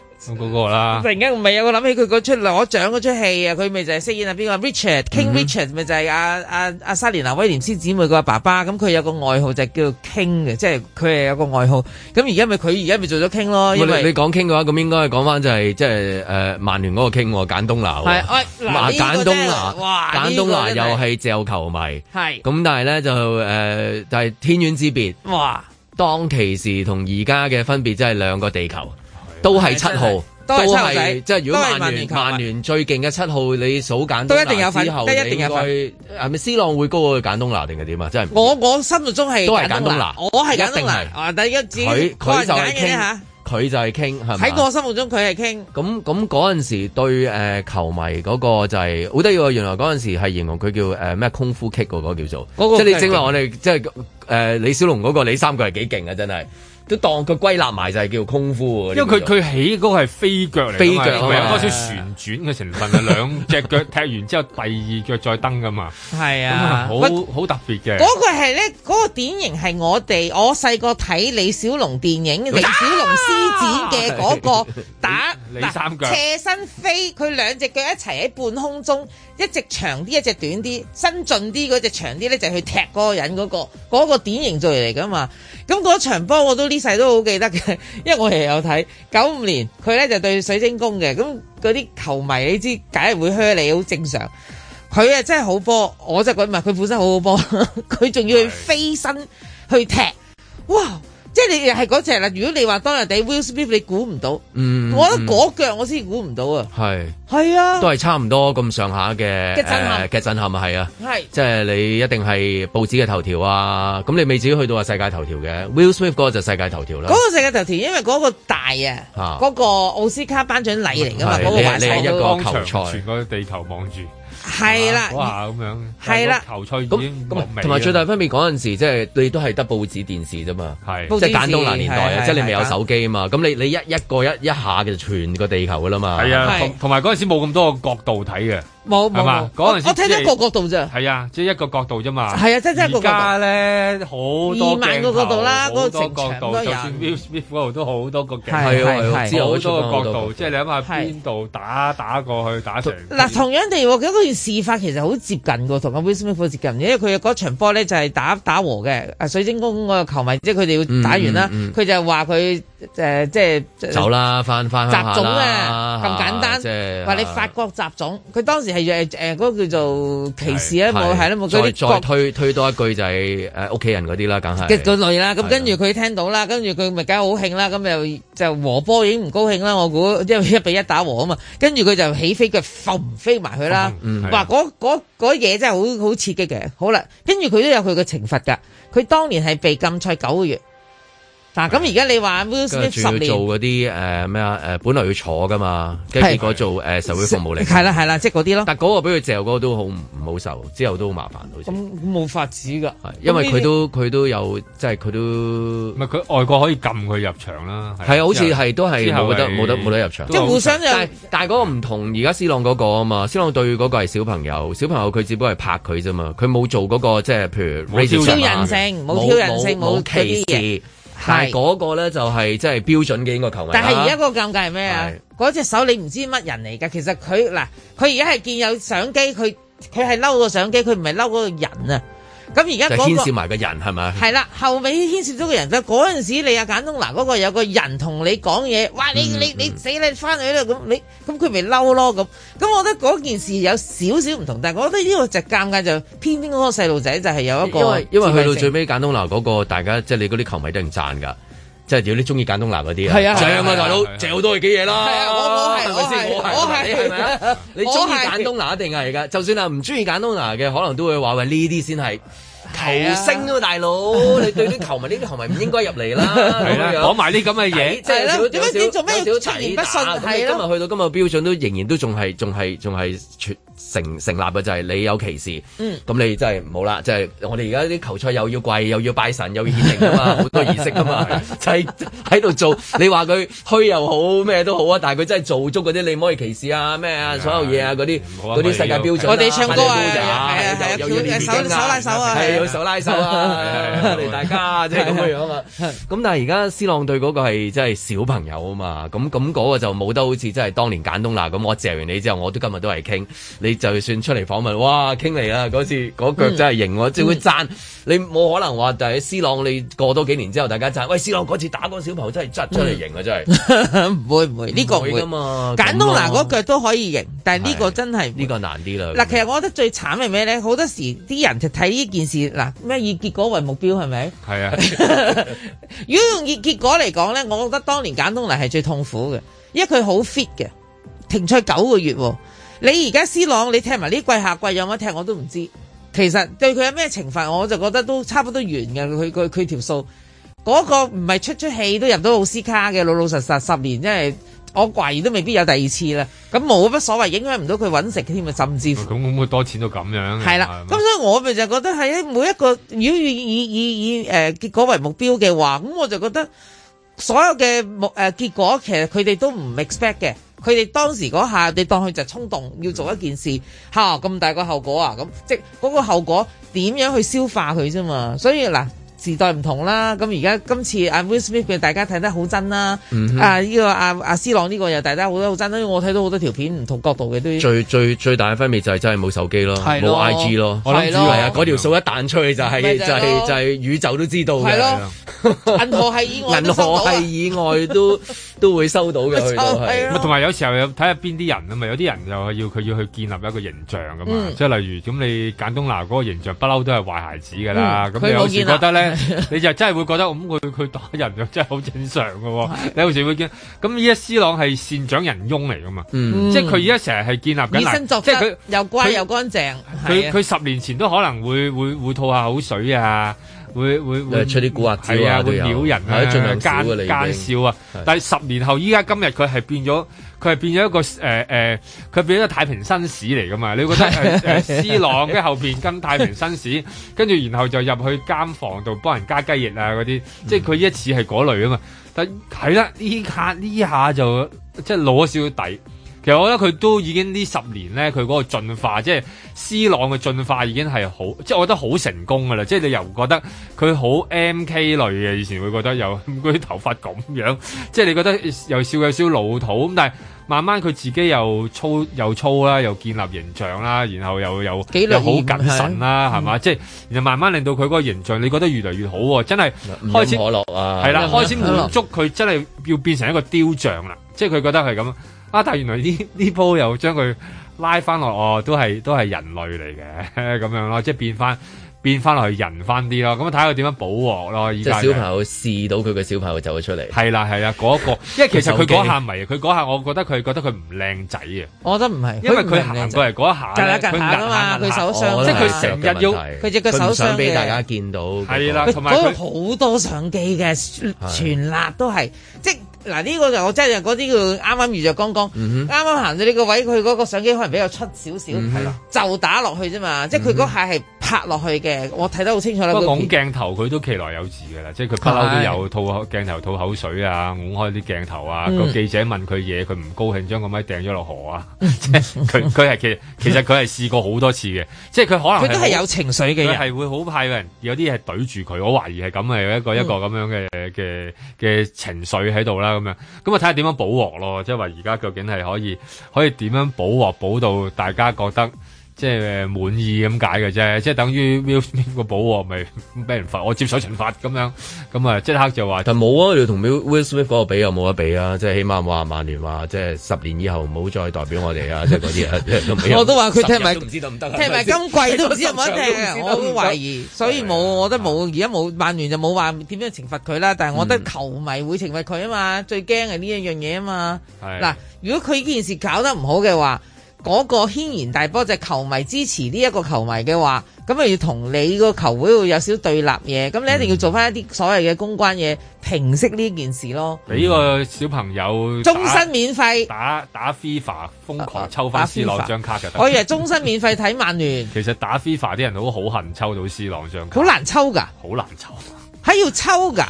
咁嗰個啦，突然間唔係啊，我諗起佢嗰出攞獎嗰出戲啊，佢咪就係飾演啊邊個 Richard King Richard 咪、嗯、哼 就係阿阿阿莎蓮娜威廉斯姊妹個爸爸，咁、嗯、佢有個外號就叫 King 嘅，即係佢係有個外號，咁而家咪佢而家咪做咗 King 咯因為你講 King 嘅話，咁應該係講翻就係即係誒曼聯嗰個 King 簡東拿，哇簡東拿，哇簡東拿又係有球迷，係，咁但係咧就誒就係天淵之別，哇，當其時同而家嘅分別真係兩個地球。都係七號，都係七號，即係如果曼聯，曼聯最勁嘅七號，你數簡東拿之後，你係咪斯朗會高過簡東拿定係點啊？即係。我我心目中係都係簡東拿，我係簡東拿。第一，佢佢就係傾吓，佢就係傾。喺我心目中，佢係傾。咁咁嗰陣時對誒球迷嗰個就係好得意喎，原來嗰陣時係形容佢叫誒咩功夫 kick 嗰個叫做，即係你正話我哋即係。誒、呃、李小龍嗰、那個李三腳係幾勁啊！真係都當佢歸納埋就係叫功夫，因為佢佢起嗰個係飛腳嚟，飛腳開始旋轉嘅成分啊！兩隻腳踢完之後第二腳再蹬噶嘛，係 啊，好好特別嘅。嗰個係咧，嗰、那個典型係我哋我細個睇李小龍電影，李小龍獅子，嘅嗰個打、啊、 李、李三腳、呃、斜身飛，佢兩隻腳一齊喺半空中，一隻長啲，一隻短啲，伸進啲嗰隻長啲咧就是、去踢嗰個人嗰個嗰個。那個典型句嚟噶嘛？咁嗰場波我都呢世都好記得嘅，因為我又有睇九五年佢呢就對水晶宮嘅，咁嗰啲球迷你知梗係會靴你，好正常。佢啊真係好波，我真係覺得佢本身好好波，佢 仲要去飛身去踢，哇！即係你係嗰隻啦，如果你話當人哋 Will Smith，你估唔到，嗯嗯、我覺得嗰腳我先估唔到是啊，係係、呃、啊，都係差唔多咁上下嘅嘅震撼嘅震撼啊，係啊，係，即係你一定係報紙嘅頭條啊，咁你未至於去到啊世界頭條嘅 Will Smith 嗰個就世界頭條啦，嗰個世界頭條因為嗰個大、嗰個、啊，嗰個奧斯卡頒獎禮嚟噶嘛，嗰個係一個球賽，全場全，全個地球望住。係啦，哇咁樣，係啦。球賽已經同埋最大分別嗰陣時，即係你都係得報紙、電視啫嘛，係即係簡東拿年代啊，即係你未有手機啊嘛。咁你你一一個一一下嘅就全個地球噶啦嘛，係啊。同埋嗰陣時冇咁多個角度睇嘅。冇冇，冇，陣時我睇咗一個角度咋，係啊，即係一個角度咋嘛。係啊，即係一個角度。而家咧好多二萬個角度啦，嗰個城牆都有。Will Smith 嗰度都好多個角，係啊，有好多個角度，即係你諗下邊度打打過去打成。嗱，同樣地，嗰個事發其實好接近噶，同個 Will Smith 接近，因為佢嗰場波咧就係打打和嘅。啊，水晶宮嗰個球迷即係佢哋要打完啦，佢就話佢。誒即係走啦，翻翻去雜種啊！咁簡單，話你法國雜種，佢當時係誒誒嗰個叫做歧視啦，冇係啦，冇再推推多一句就係誒屋企人嗰啲啦，梗係。嘅嗰類啦，咁跟住佢聽到啦，跟住佢咪梗係好興啦，咁又就和波已經唔高興啦，我估，因為一比一打和啊嘛，跟住佢就起飛腳摯飛埋佢啦。話嗰嘢真係好好刺激嘅。好啦，跟住佢都有佢嘅懲罰㗎，佢當年係被禁賽九個月。嗱，咁而家你話，Will Smith 仲要做嗰啲誒咩啊？誒本來要坐噶嘛，跟住個做誒社會服務嚟。係啦係啦，即係嗰啲咯。但嗰個俾佢借嗰個都好唔好受，之後都好麻煩到。咁冇法子㗎。因為佢都佢都有，即係佢都唔係佢外國可以禁佢入場啦。係啊，好似係都係冇得冇得冇得入場。即互相又但係嗰個唔同而家 C 朗嗰個啊嘛，C 朗對嗰個係小朋友，小朋友佢只不過係拍佢啫嘛，佢冇做嗰個即係譬如挑釁性，冇挑釁性，冇歧視。但係嗰個咧就係即係標準嘅呢個球迷，但係而家嗰個尷尬係咩啊？嗰隻手你唔知乜人嚟㗎，其實佢嗱佢而家係見有相機，佢佢係嬲個相機，佢唔係嬲嗰個人啊！咁而家就牽涉埋個人係咪？係啦，後尾牽涉咗個人。就嗰、是、陣時，你阿、啊、簡東拿嗰、那個有個人同你講嘢，哇！你你你死啦，返去啦咁你，咁佢咪嬲咯咁。咁我覺得嗰件事有少少唔同，但係我覺得呢個就尷尬，就偏偏嗰個細路仔就係有一個因。因為去到最尾，簡東拿嗰、那個大家即係你嗰啲球迷都唔讚㗎。即係如果你中意簡東拿嗰啲啊，正啊大佬，借好多佢嘅嘢啦，係咪先？我係，你中意簡東拿一定係而家。就算啊唔中意簡東拿嘅，可能都會話喂，呢啲先係球星咯，大佬。你對啲球迷呢啲行為唔應該入嚟啦。講埋啲咁嘅嘢，有少做咩？少少出言不遜。今日去到今日標準都仍然都仲係仲係仲係全。成成立嘅就係你有歧視，咁你真係唔好啦，即係我哋而家啲球賽又要貴，又要拜神，又要儀式啊嘛，好多儀式啊嘛，就係喺度做。你話佢虛又好，咩都好啊，但係佢真係做足嗰啲你唔可以歧視啊，咩啊，所有嘢啊嗰啲嗰啲世界標準。我哋唱歌啊，有有手手拉手啊，有手拉手啊，我哋大家即係咁樣啊。嘛。咁但係而家斯朗隊嗰個係真係小朋友啊嘛，咁咁嗰個就冇得好似真係當年簡東拿咁，我借完你之後，我都今日都係傾就算出嚟訪問，哇，傾嚟啦！嗰次嗰腳真係型，即、嗯、會讚你。冇可能話就係斯朗，你過多幾年之後，大家讚喂，斯朗嗰次打嗰小朋友真係執出嚟型啊！真係，會唔會呢個會噶嘛？簡東蘭嗰腳都可以型，但係呢個真係呢、這個難啲啦。嗱，其實我覺得最慘係咩咧？好多時啲人就睇呢件事，嗱咩以結果為目標係咪？係是啊。 如果用以結果嚟講咧，我覺得當年簡東拿係最痛苦嘅，因為佢好 fit 嘅，停賽九個月。你而家 C 朗，你踢埋呢季下季有冇踢？我都唔知。其實對佢有咩懲罰，我就覺得都差不多完嘅。佢佢佢條數嗰、那個唔係出出戲都入到奧斯卡嘅。老老實實十年，即係我懷疑都未必有第二次啦。咁冇乜所謂，影響唔到佢揾食添啊，甚至乎。咁、嗯、會唔會多錢到咁樣？係啦，咁嗎所以我咪就覺得係每一個，如果以以以以誒、呃、結果為目標嘅話，咁我就覺得所有嘅目誒結果其實佢哋都唔 expect 嘅。佢哋當時嗰下，你當佢就衝動要做一件事嚇，咁大個後果啊！咁即係嗰個後果點樣去消化佢啫嘛，所以啦。時代唔同啦，咁而家今次阿 Will Smith 嘅大家睇得好真啦，啊呢個阿阿斯朗呢個又大家好多好真，因為我睇到好多條片唔同角度嘅都。最最最大嘅分別就係真係冇手機咯，冇 IG 咯，我諗以為啊嗰條數一彈出去，就係就係就係宇宙都知道嘅。係咯，銀河系以外都都會收到嘅。同埋有時候睇下邊啲人啊嘛，有啲人就要佢要去建立一個形象噶嘛，即係例如咁你簡東拿嗰個形象不嬲都係壞孩子噶啦，咁有時覺得咧。你就真係會覺得咁佢佢打人又真係好正常㗎喎，你有時會見咁依家 C 朗係善長人翁嚟㗎嘛，即係佢而家成日係建立緊，即係佢又乖又乾淨。佢佢十年前都可能會會會吐下口水啊，會會會出啲古惑仔啊，會藐人啊，盡量奸奸笑啊。但係十年後依家今日佢係變咗。佢係變咗一個誒誒，佢、呃呃、變咗一個太平紳士嚟噶嘛？你覺得誒 c、 呃、朗跟後邊跟太平紳士， 跟住然後就入去監房度幫人加雞翼啊嗰啲，即係佢呢一次係嗰類啊嘛。但係啦，呢下呢下就即係攞少底。其實我覺得佢都已經呢十年咧，佢嗰個進化，即係 C 朗嘅進化已經係好，即係我覺得好成功噶啦。即係你又覺得佢好 M K 類嘅，以前會覺得有啲頭髮咁樣，即係你覺得又少又少老土咁，但係。慢慢佢自己又粗又粗啦，又建立形象啦，然後又又幾略又好謹慎啦，係嘛？即係，然後慢慢令到佢嗰個形象，你覺得越嚟越好喎！真係開始可樂啊，啊，係啦、啊啊，開始滿足佢，真係要變成一個雕像啦！即係佢覺得係咁啊，但係原來呢呢鋪又將佢拉翻落哦，都係都係人類嚟嘅咁樣咯，即係變翻。變翻落去人翻啲咯，咁睇下佢點樣保鑊咯。即係小朋友試到佢嘅小朋友就會出嚟。係啦係啦，嗰個，因為其實佢嗰下唔係，佢嗰下我覺得佢覺得佢唔靚仔啊。我覺得唔係，因為佢行過嚟嗰一下，佢壓啊佢手傷，即係佢成日要佢隻腳手傷俾大家見到。係啦，同埋佢好多相機嘅全立都係，即係嗱呢個就我真係嗰啲叫啱啱遇著剛剛，啱啱行到呢個位，佢嗰個相機可能比較出少少，係就打落去啫嘛，即係佢嗰下係。拍落去嘅，我睇得好清楚啦。不過鏡頭佢都其來有自嘅啦，哎、即係佢不嬲都有吐鏡頭吐口水啊，拱開啲鏡頭啊，個、嗯、記者問佢嘢，佢唔高興，將個咪掟咗落河啊！即佢佢係其實其實佢係試過好多次嘅，即係佢可能佢都係有情緒嘅，係會好怕人，有啲嘢懟住佢，我懷疑係咁啊，一個一個咁樣嘅嘅嘅情緒喺度啦，咁樣咁啊睇下點樣補、嗯嗯嗯嗯、鑊咯，即係話而家究竟係可以可以點樣補鑊補到大家覺得？即係滿意咁解嘅啫，即係等於 Will Smith 個寶咪俾人罰，我接受懲罰咁樣，咁啊即刻就話，但冇啊，你同 Will Smith 嗰個比又冇得比啊？即係起碼冇話曼聯話，即係十年以後唔好再代表我哋啊！ 即係嗰啲啊，我都話佢聽埋，唔知道唔得、啊， 聽埋今季都唔知有冇得聽我都懷疑，所以冇，我都冇，而家冇曼聯就冇話點樣懲罰佢啦。但係我覺得球迷會懲罰佢啊嘛，嗯、最驚係呢一樣嘢啊嘛。嗱的，如果佢呢件事搞得唔好嘅話。嗰個軒然大波就係球迷支持呢一個球迷嘅話，咁咪要同你個球會會有少對立嘢，咁你一定要做翻一啲所謂嘅公關嘢，平息呢件事咯。你呢個小朋友，終身免費打打 FIFA 瘋狂抽返、啊、C 朗張卡嘅，我以為終身免費睇曼聯。 其實打 FIFA 啲人都好恨抽到 C 朗張卡，好難抽㗎，好難抽。係、啊、要抽噶，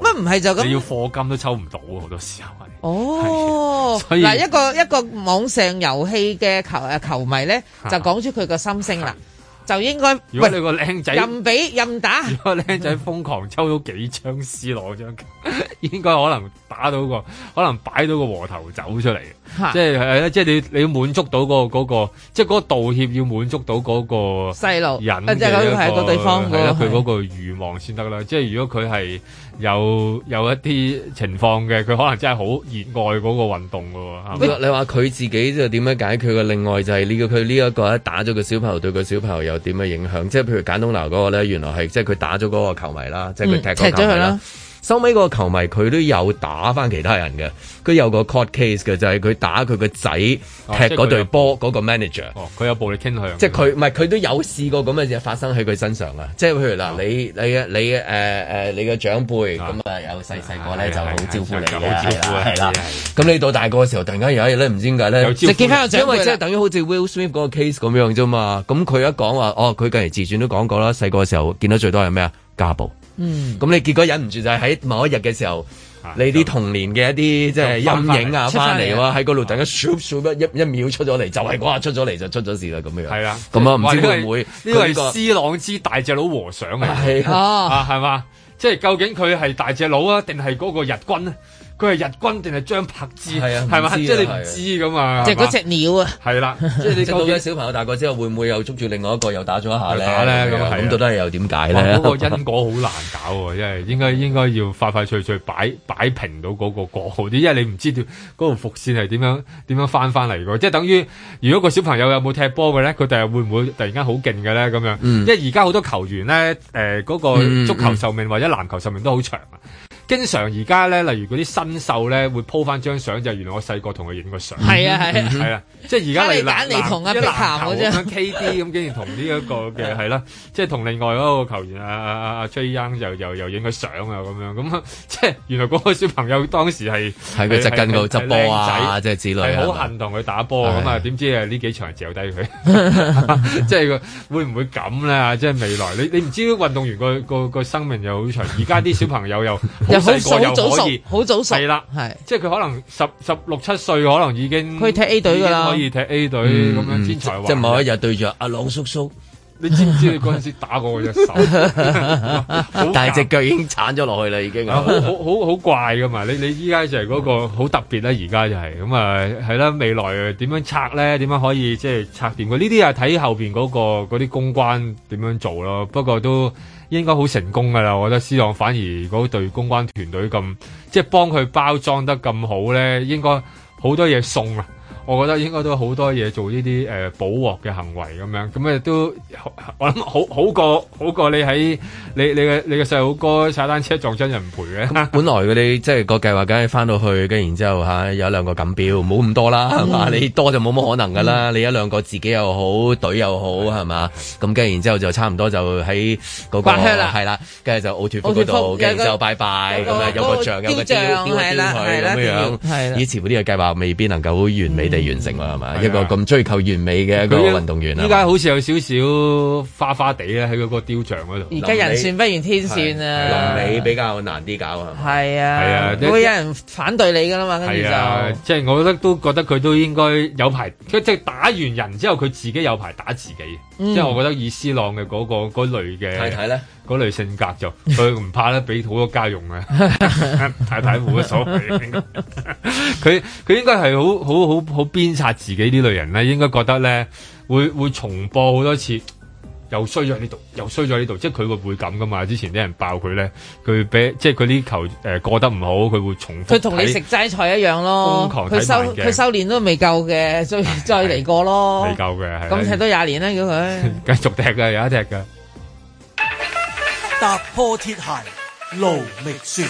乜唔係就咁？你要課金都抽唔到，好多時候係。哦，嗱，一個一個網上遊戲嘅球、誒球迷咧，就講出佢個心聲啦，啊、就應該如果喂你個靚仔任俾任打，如果個靚仔瘋狂抽咗幾張 C 囊張。 應該可能打到個，可能擺到個和頭走出嚟哈，即係係啦，即係你你要滿足到、那個、那個，即係嗰個道歉要滿足到嗰個細路人即嘅一個地方嗰、那個佢嗰的個欲望先得啦。的即係如果佢係有有一啲情況嘅，佢可能真係好熱愛嗰個運動噶。你你話佢自己就點樣解決嘅？另外就係呢、這個佢呢一個喺打咗個小朋友對個小朋友有點嘅影響。即係譬如簡東拿嗰個咧，原來係即係佢打咗嗰個球迷啦，即係佢踢咗球迷啦。 收尾個球迷佢都有打翻其他人嘅，佢有個 court case 嘅，就係佢打佢個仔踢嗰隊波嗰個 manager。佢有暴力傾向。即係佢唔係佢都有試過咁嘅嘢發生喺佢身上啊！即係譬如嗱，你你嘅你嘅誒誒，你嘅長輩咁啊，有細細個咧就好招呼你，好照顧係啦。咁你到大個嘅時候，突然間有一日咧，唔知點解咧，即係見翻個長輩，因為即係等於好似 Will Smith 嗰個 case 咁樣啫嘛。咁佢一講話，哦，佢近年自傳都講過啦，細個嘅時候見到最多係咩啊？家暴。嗯，咁你結果忍唔住就係喺某一日嘅時候，你啲童年嘅一啲即係陰影啊，翻嚟喎，喺嗰度突然間一一秒出咗嚟，就係嗰下出咗嚟就出咗事啦咁樣。係啊，咁啊唔知會唔會呢個斯朗之大隻佬和尚啊？係啊，啊係嘛？即係究竟佢係大隻佬啊，定係嗰個日軍咧？佢係日軍定係張柏芝？係啊，係嘛？即係你唔知咁啊！即係嗰隻鳥啊！係啦，即係你到咗小朋友大個之後，會唔會又捉住另外一個又打咗一下打咧？咁到底又點解咧？嗰個因果好難搞喎，因為應該應該要快快脆脆擺擺平到嗰個過號啲，因為你唔知條嗰伏線係點樣點樣翻翻嚟嘅。即係等於如果個小朋友有冇踢波嘅咧，佢第日會唔會突然間好勁嘅咧？咁樣，因為而家好多球員咧，誒嗰個足球壽命或者籃球壽命都好長啊！經常而家咧，例如嗰啲新秀咧，會 po 翻張相，就係原來我細個同佢影個相。係啊係係啊，即係而家你揀你同阿碧咸嗰張 K D 咁竟然同呢一個嘅係啦，即係同另外嗰個球員阿阿阿阿 Trae Young 又又又影個相啊，咁樣咁即係原來嗰個小朋友當時係係佢執跟佢執波仔，即係之類好恨同佢打波啊，咁啊，點知啊呢幾場掉低佢，即係會唔會咁咧？即係未來你你唔知運動員個個個生命又好長，而家啲小朋友又。又好早熟，好早熟係啦，係即係佢可能十十六七歲，可能已經佢踢 A 隊噶啦，可以踢 A 隊咁樣天才。即係某一日對住阿朗叔叔，你知唔知你嗰陣時打過我隻手？但係隻腳已經鏟咗落去啦，已經好好好怪噶嘛。你你依家就係嗰個好特別啦，而家就係咁啊，係啦，未來點樣拆咧？點樣可以即係拆掂佢？呢啲係睇後邊嗰個嗰啲公關點樣做咯。不過都。應該好成功㗎啦！我覺得思朗反而如果對隊公關團隊咁，即係幫佢包裝得咁好咧，應該好多嘢送啊！我覺得應該都有好多嘢做呢啲誒補獲嘅行為咁樣，咁誒都我諗好好過好過你喺你你嘅你嘅細佬哥踩單車撞親人唔賠嘅。本來佢哋即係個計劃，梗係翻到去，跟住然之後吓，有兩個錦標，冇咁多啦，係嘛？你多就冇乜可能㗎啦。你一兩個自己又好，隊又好係嘛？咁跟住然之後就差唔多就喺嗰個係啦，跟住就奧拓福嗰度跟住就拜拜，咁啊有個像有個錦，點去咁樣以前嗰啲嘅計劃未必能夠完美。完成啦，係嘛？啊、一個咁追求完美嘅一個運動員啦。依家好似有少少花花地咧，喺嗰個雕像嗰度。而家人算不如天算啊！你比較難啲搞啊。係啊，啊會有人反對你噶啦嘛。係啊，即係、啊就是、我覺得都覺得佢都應該有排，佢即係打完人之後，佢自己有排打自己。嗯、即係我覺得以斯朗嘅嗰、嗰個嗰類嘅。睇睇咧。嗰類性格就佢唔怕咧，俾好多家用啊！ 太太冇乜所謂。佢佢應該係好好好好鞭策自己呢類人咧，應該覺得咧會會重播好多次，又衰咗呢度，又衰咗呢度。即係佢會會咁噶嘛？之前啲人爆佢咧，佢俾即係佢啲球誒過得唔好，佢會重複。佢同你食齋菜一樣咯，佢修佢收年都未夠嘅，再再嚟過咯。未夠嘅，咁踢多廿年啦！叫佢繼續踢㗎，有一隻㗎。踏破鐵鞋路力熟。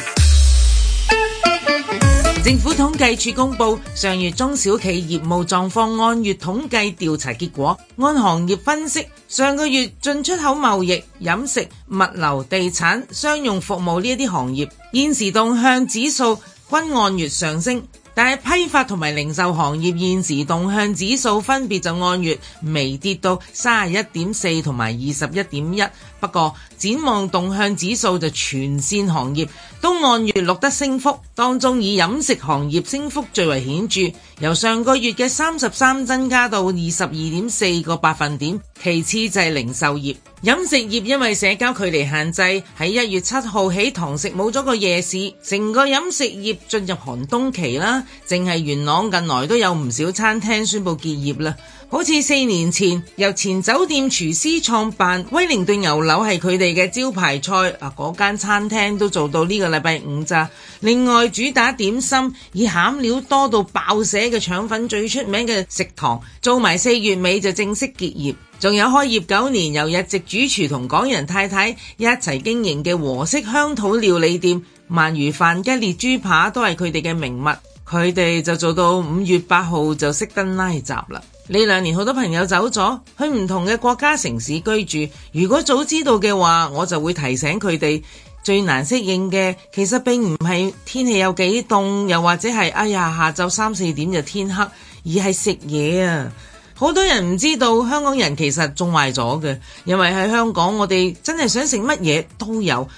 政府統計處公布上月中小企業務狀況按月統計調查結果，按行業分析，上個月進出口貿易、飲食、物流、地產、商用服務呢啲行業現時動向指數均按月上升，但係批發同埋零售行業現時動向指數分別就按月微跌到三十一點四同埋二十一點一。不過展望動向指數就全線行業都按月錄得升幅，當中以飲食行業升幅最為顯著，由上個月嘅三十三增加到二十二點四個百分點。其次就係零售業，飲食業因為社交距離限制，喺一月七號起堂食冇咗個夜市，成個飲食業進入寒冬期啦。淨係元朗近來都有唔少餐廳宣布結業啦。好似四年前由前酒店廚師創辦，威靈頓牛柳係佢哋嘅招牌菜啊！嗰間餐廳都做到呢個禮拜五咋。另外主打點心以餡料多到爆寫嘅腸粉最出名嘅食堂做埋四月尾就正式結業。仲有開業九年由日籍主廚同港人太太一齊經營嘅和式鄉土料理店鰻魚飯、吉列豬扒都係佢哋嘅名物，佢哋就做到五月八號就熄燈拉閘啦。呢兩年好多朋友走咗去唔同嘅國家城市居住，如果早知道嘅話，我就會提醒佢哋最難適應嘅其實並唔係天氣有幾凍，又或者係哎呀下晝三四點就天黑，而係食嘢啊！好多人唔知道香港人其實縱壞咗嘅，因為喺香港我哋真係想食乜嘢都有，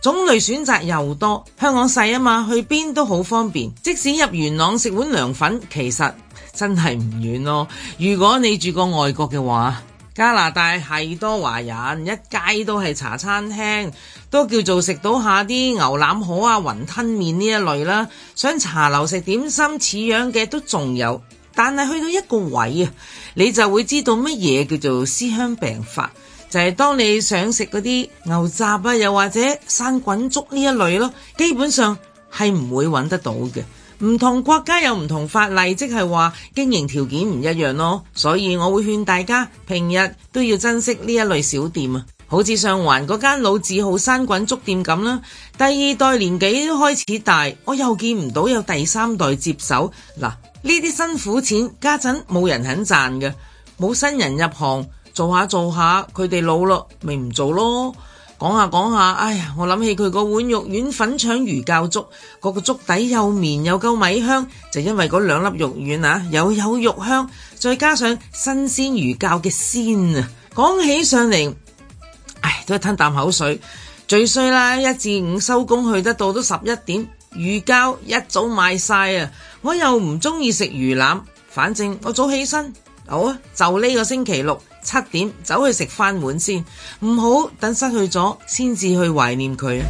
種類選擇又多。香港細啊嘛，去邊都好方便，即使入元朗食碗涼粉，其實，真係唔遠咯！如果你住過外國嘅話，加拿大係多華人，一街都係茶餐廳，都叫做食到下啲牛腩河啊、雲吞麵呢一類啦。想茶樓食點心似樣嘅都仲有，但係去到一個位啊，你就會知道乜嘢叫做思鄉病發，就係、是、當你想食嗰啲牛雜啊，又或者生滾粥呢一類咯，基本上係唔會揾得到嘅。唔同國家有唔同法例，即係話經營條件唔一樣咯。所以我會勸大家平日都要珍惜呢一類小店啊，好似上環嗰間老字號生滾粥店咁啦。第二代年紀都開始大，我又見唔到有第三代接手。嗱，呢啲辛苦錢家陣冇人肯賺嘅，冇新人入行做下做下，佢哋老咯，咪唔做咯。講下講下，哎呀，我諗起佢個碗肉丸粉腸魚膠粥，嗰個粥底又綿又夠米香，就因為嗰兩粒肉丸啊，又有肉香，再加上新鮮魚膠嘅鮮啊，講起上嚟，唉，都係吞啖口水，最衰啦，一至五收工去得到都十一點，魚膠一早賣晒啊，我又唔鍾意食魚腩，反正我早起身，好啊，就呢個星期六，七點走去食飯碗先，唔好等失去咗先至去懷念佢。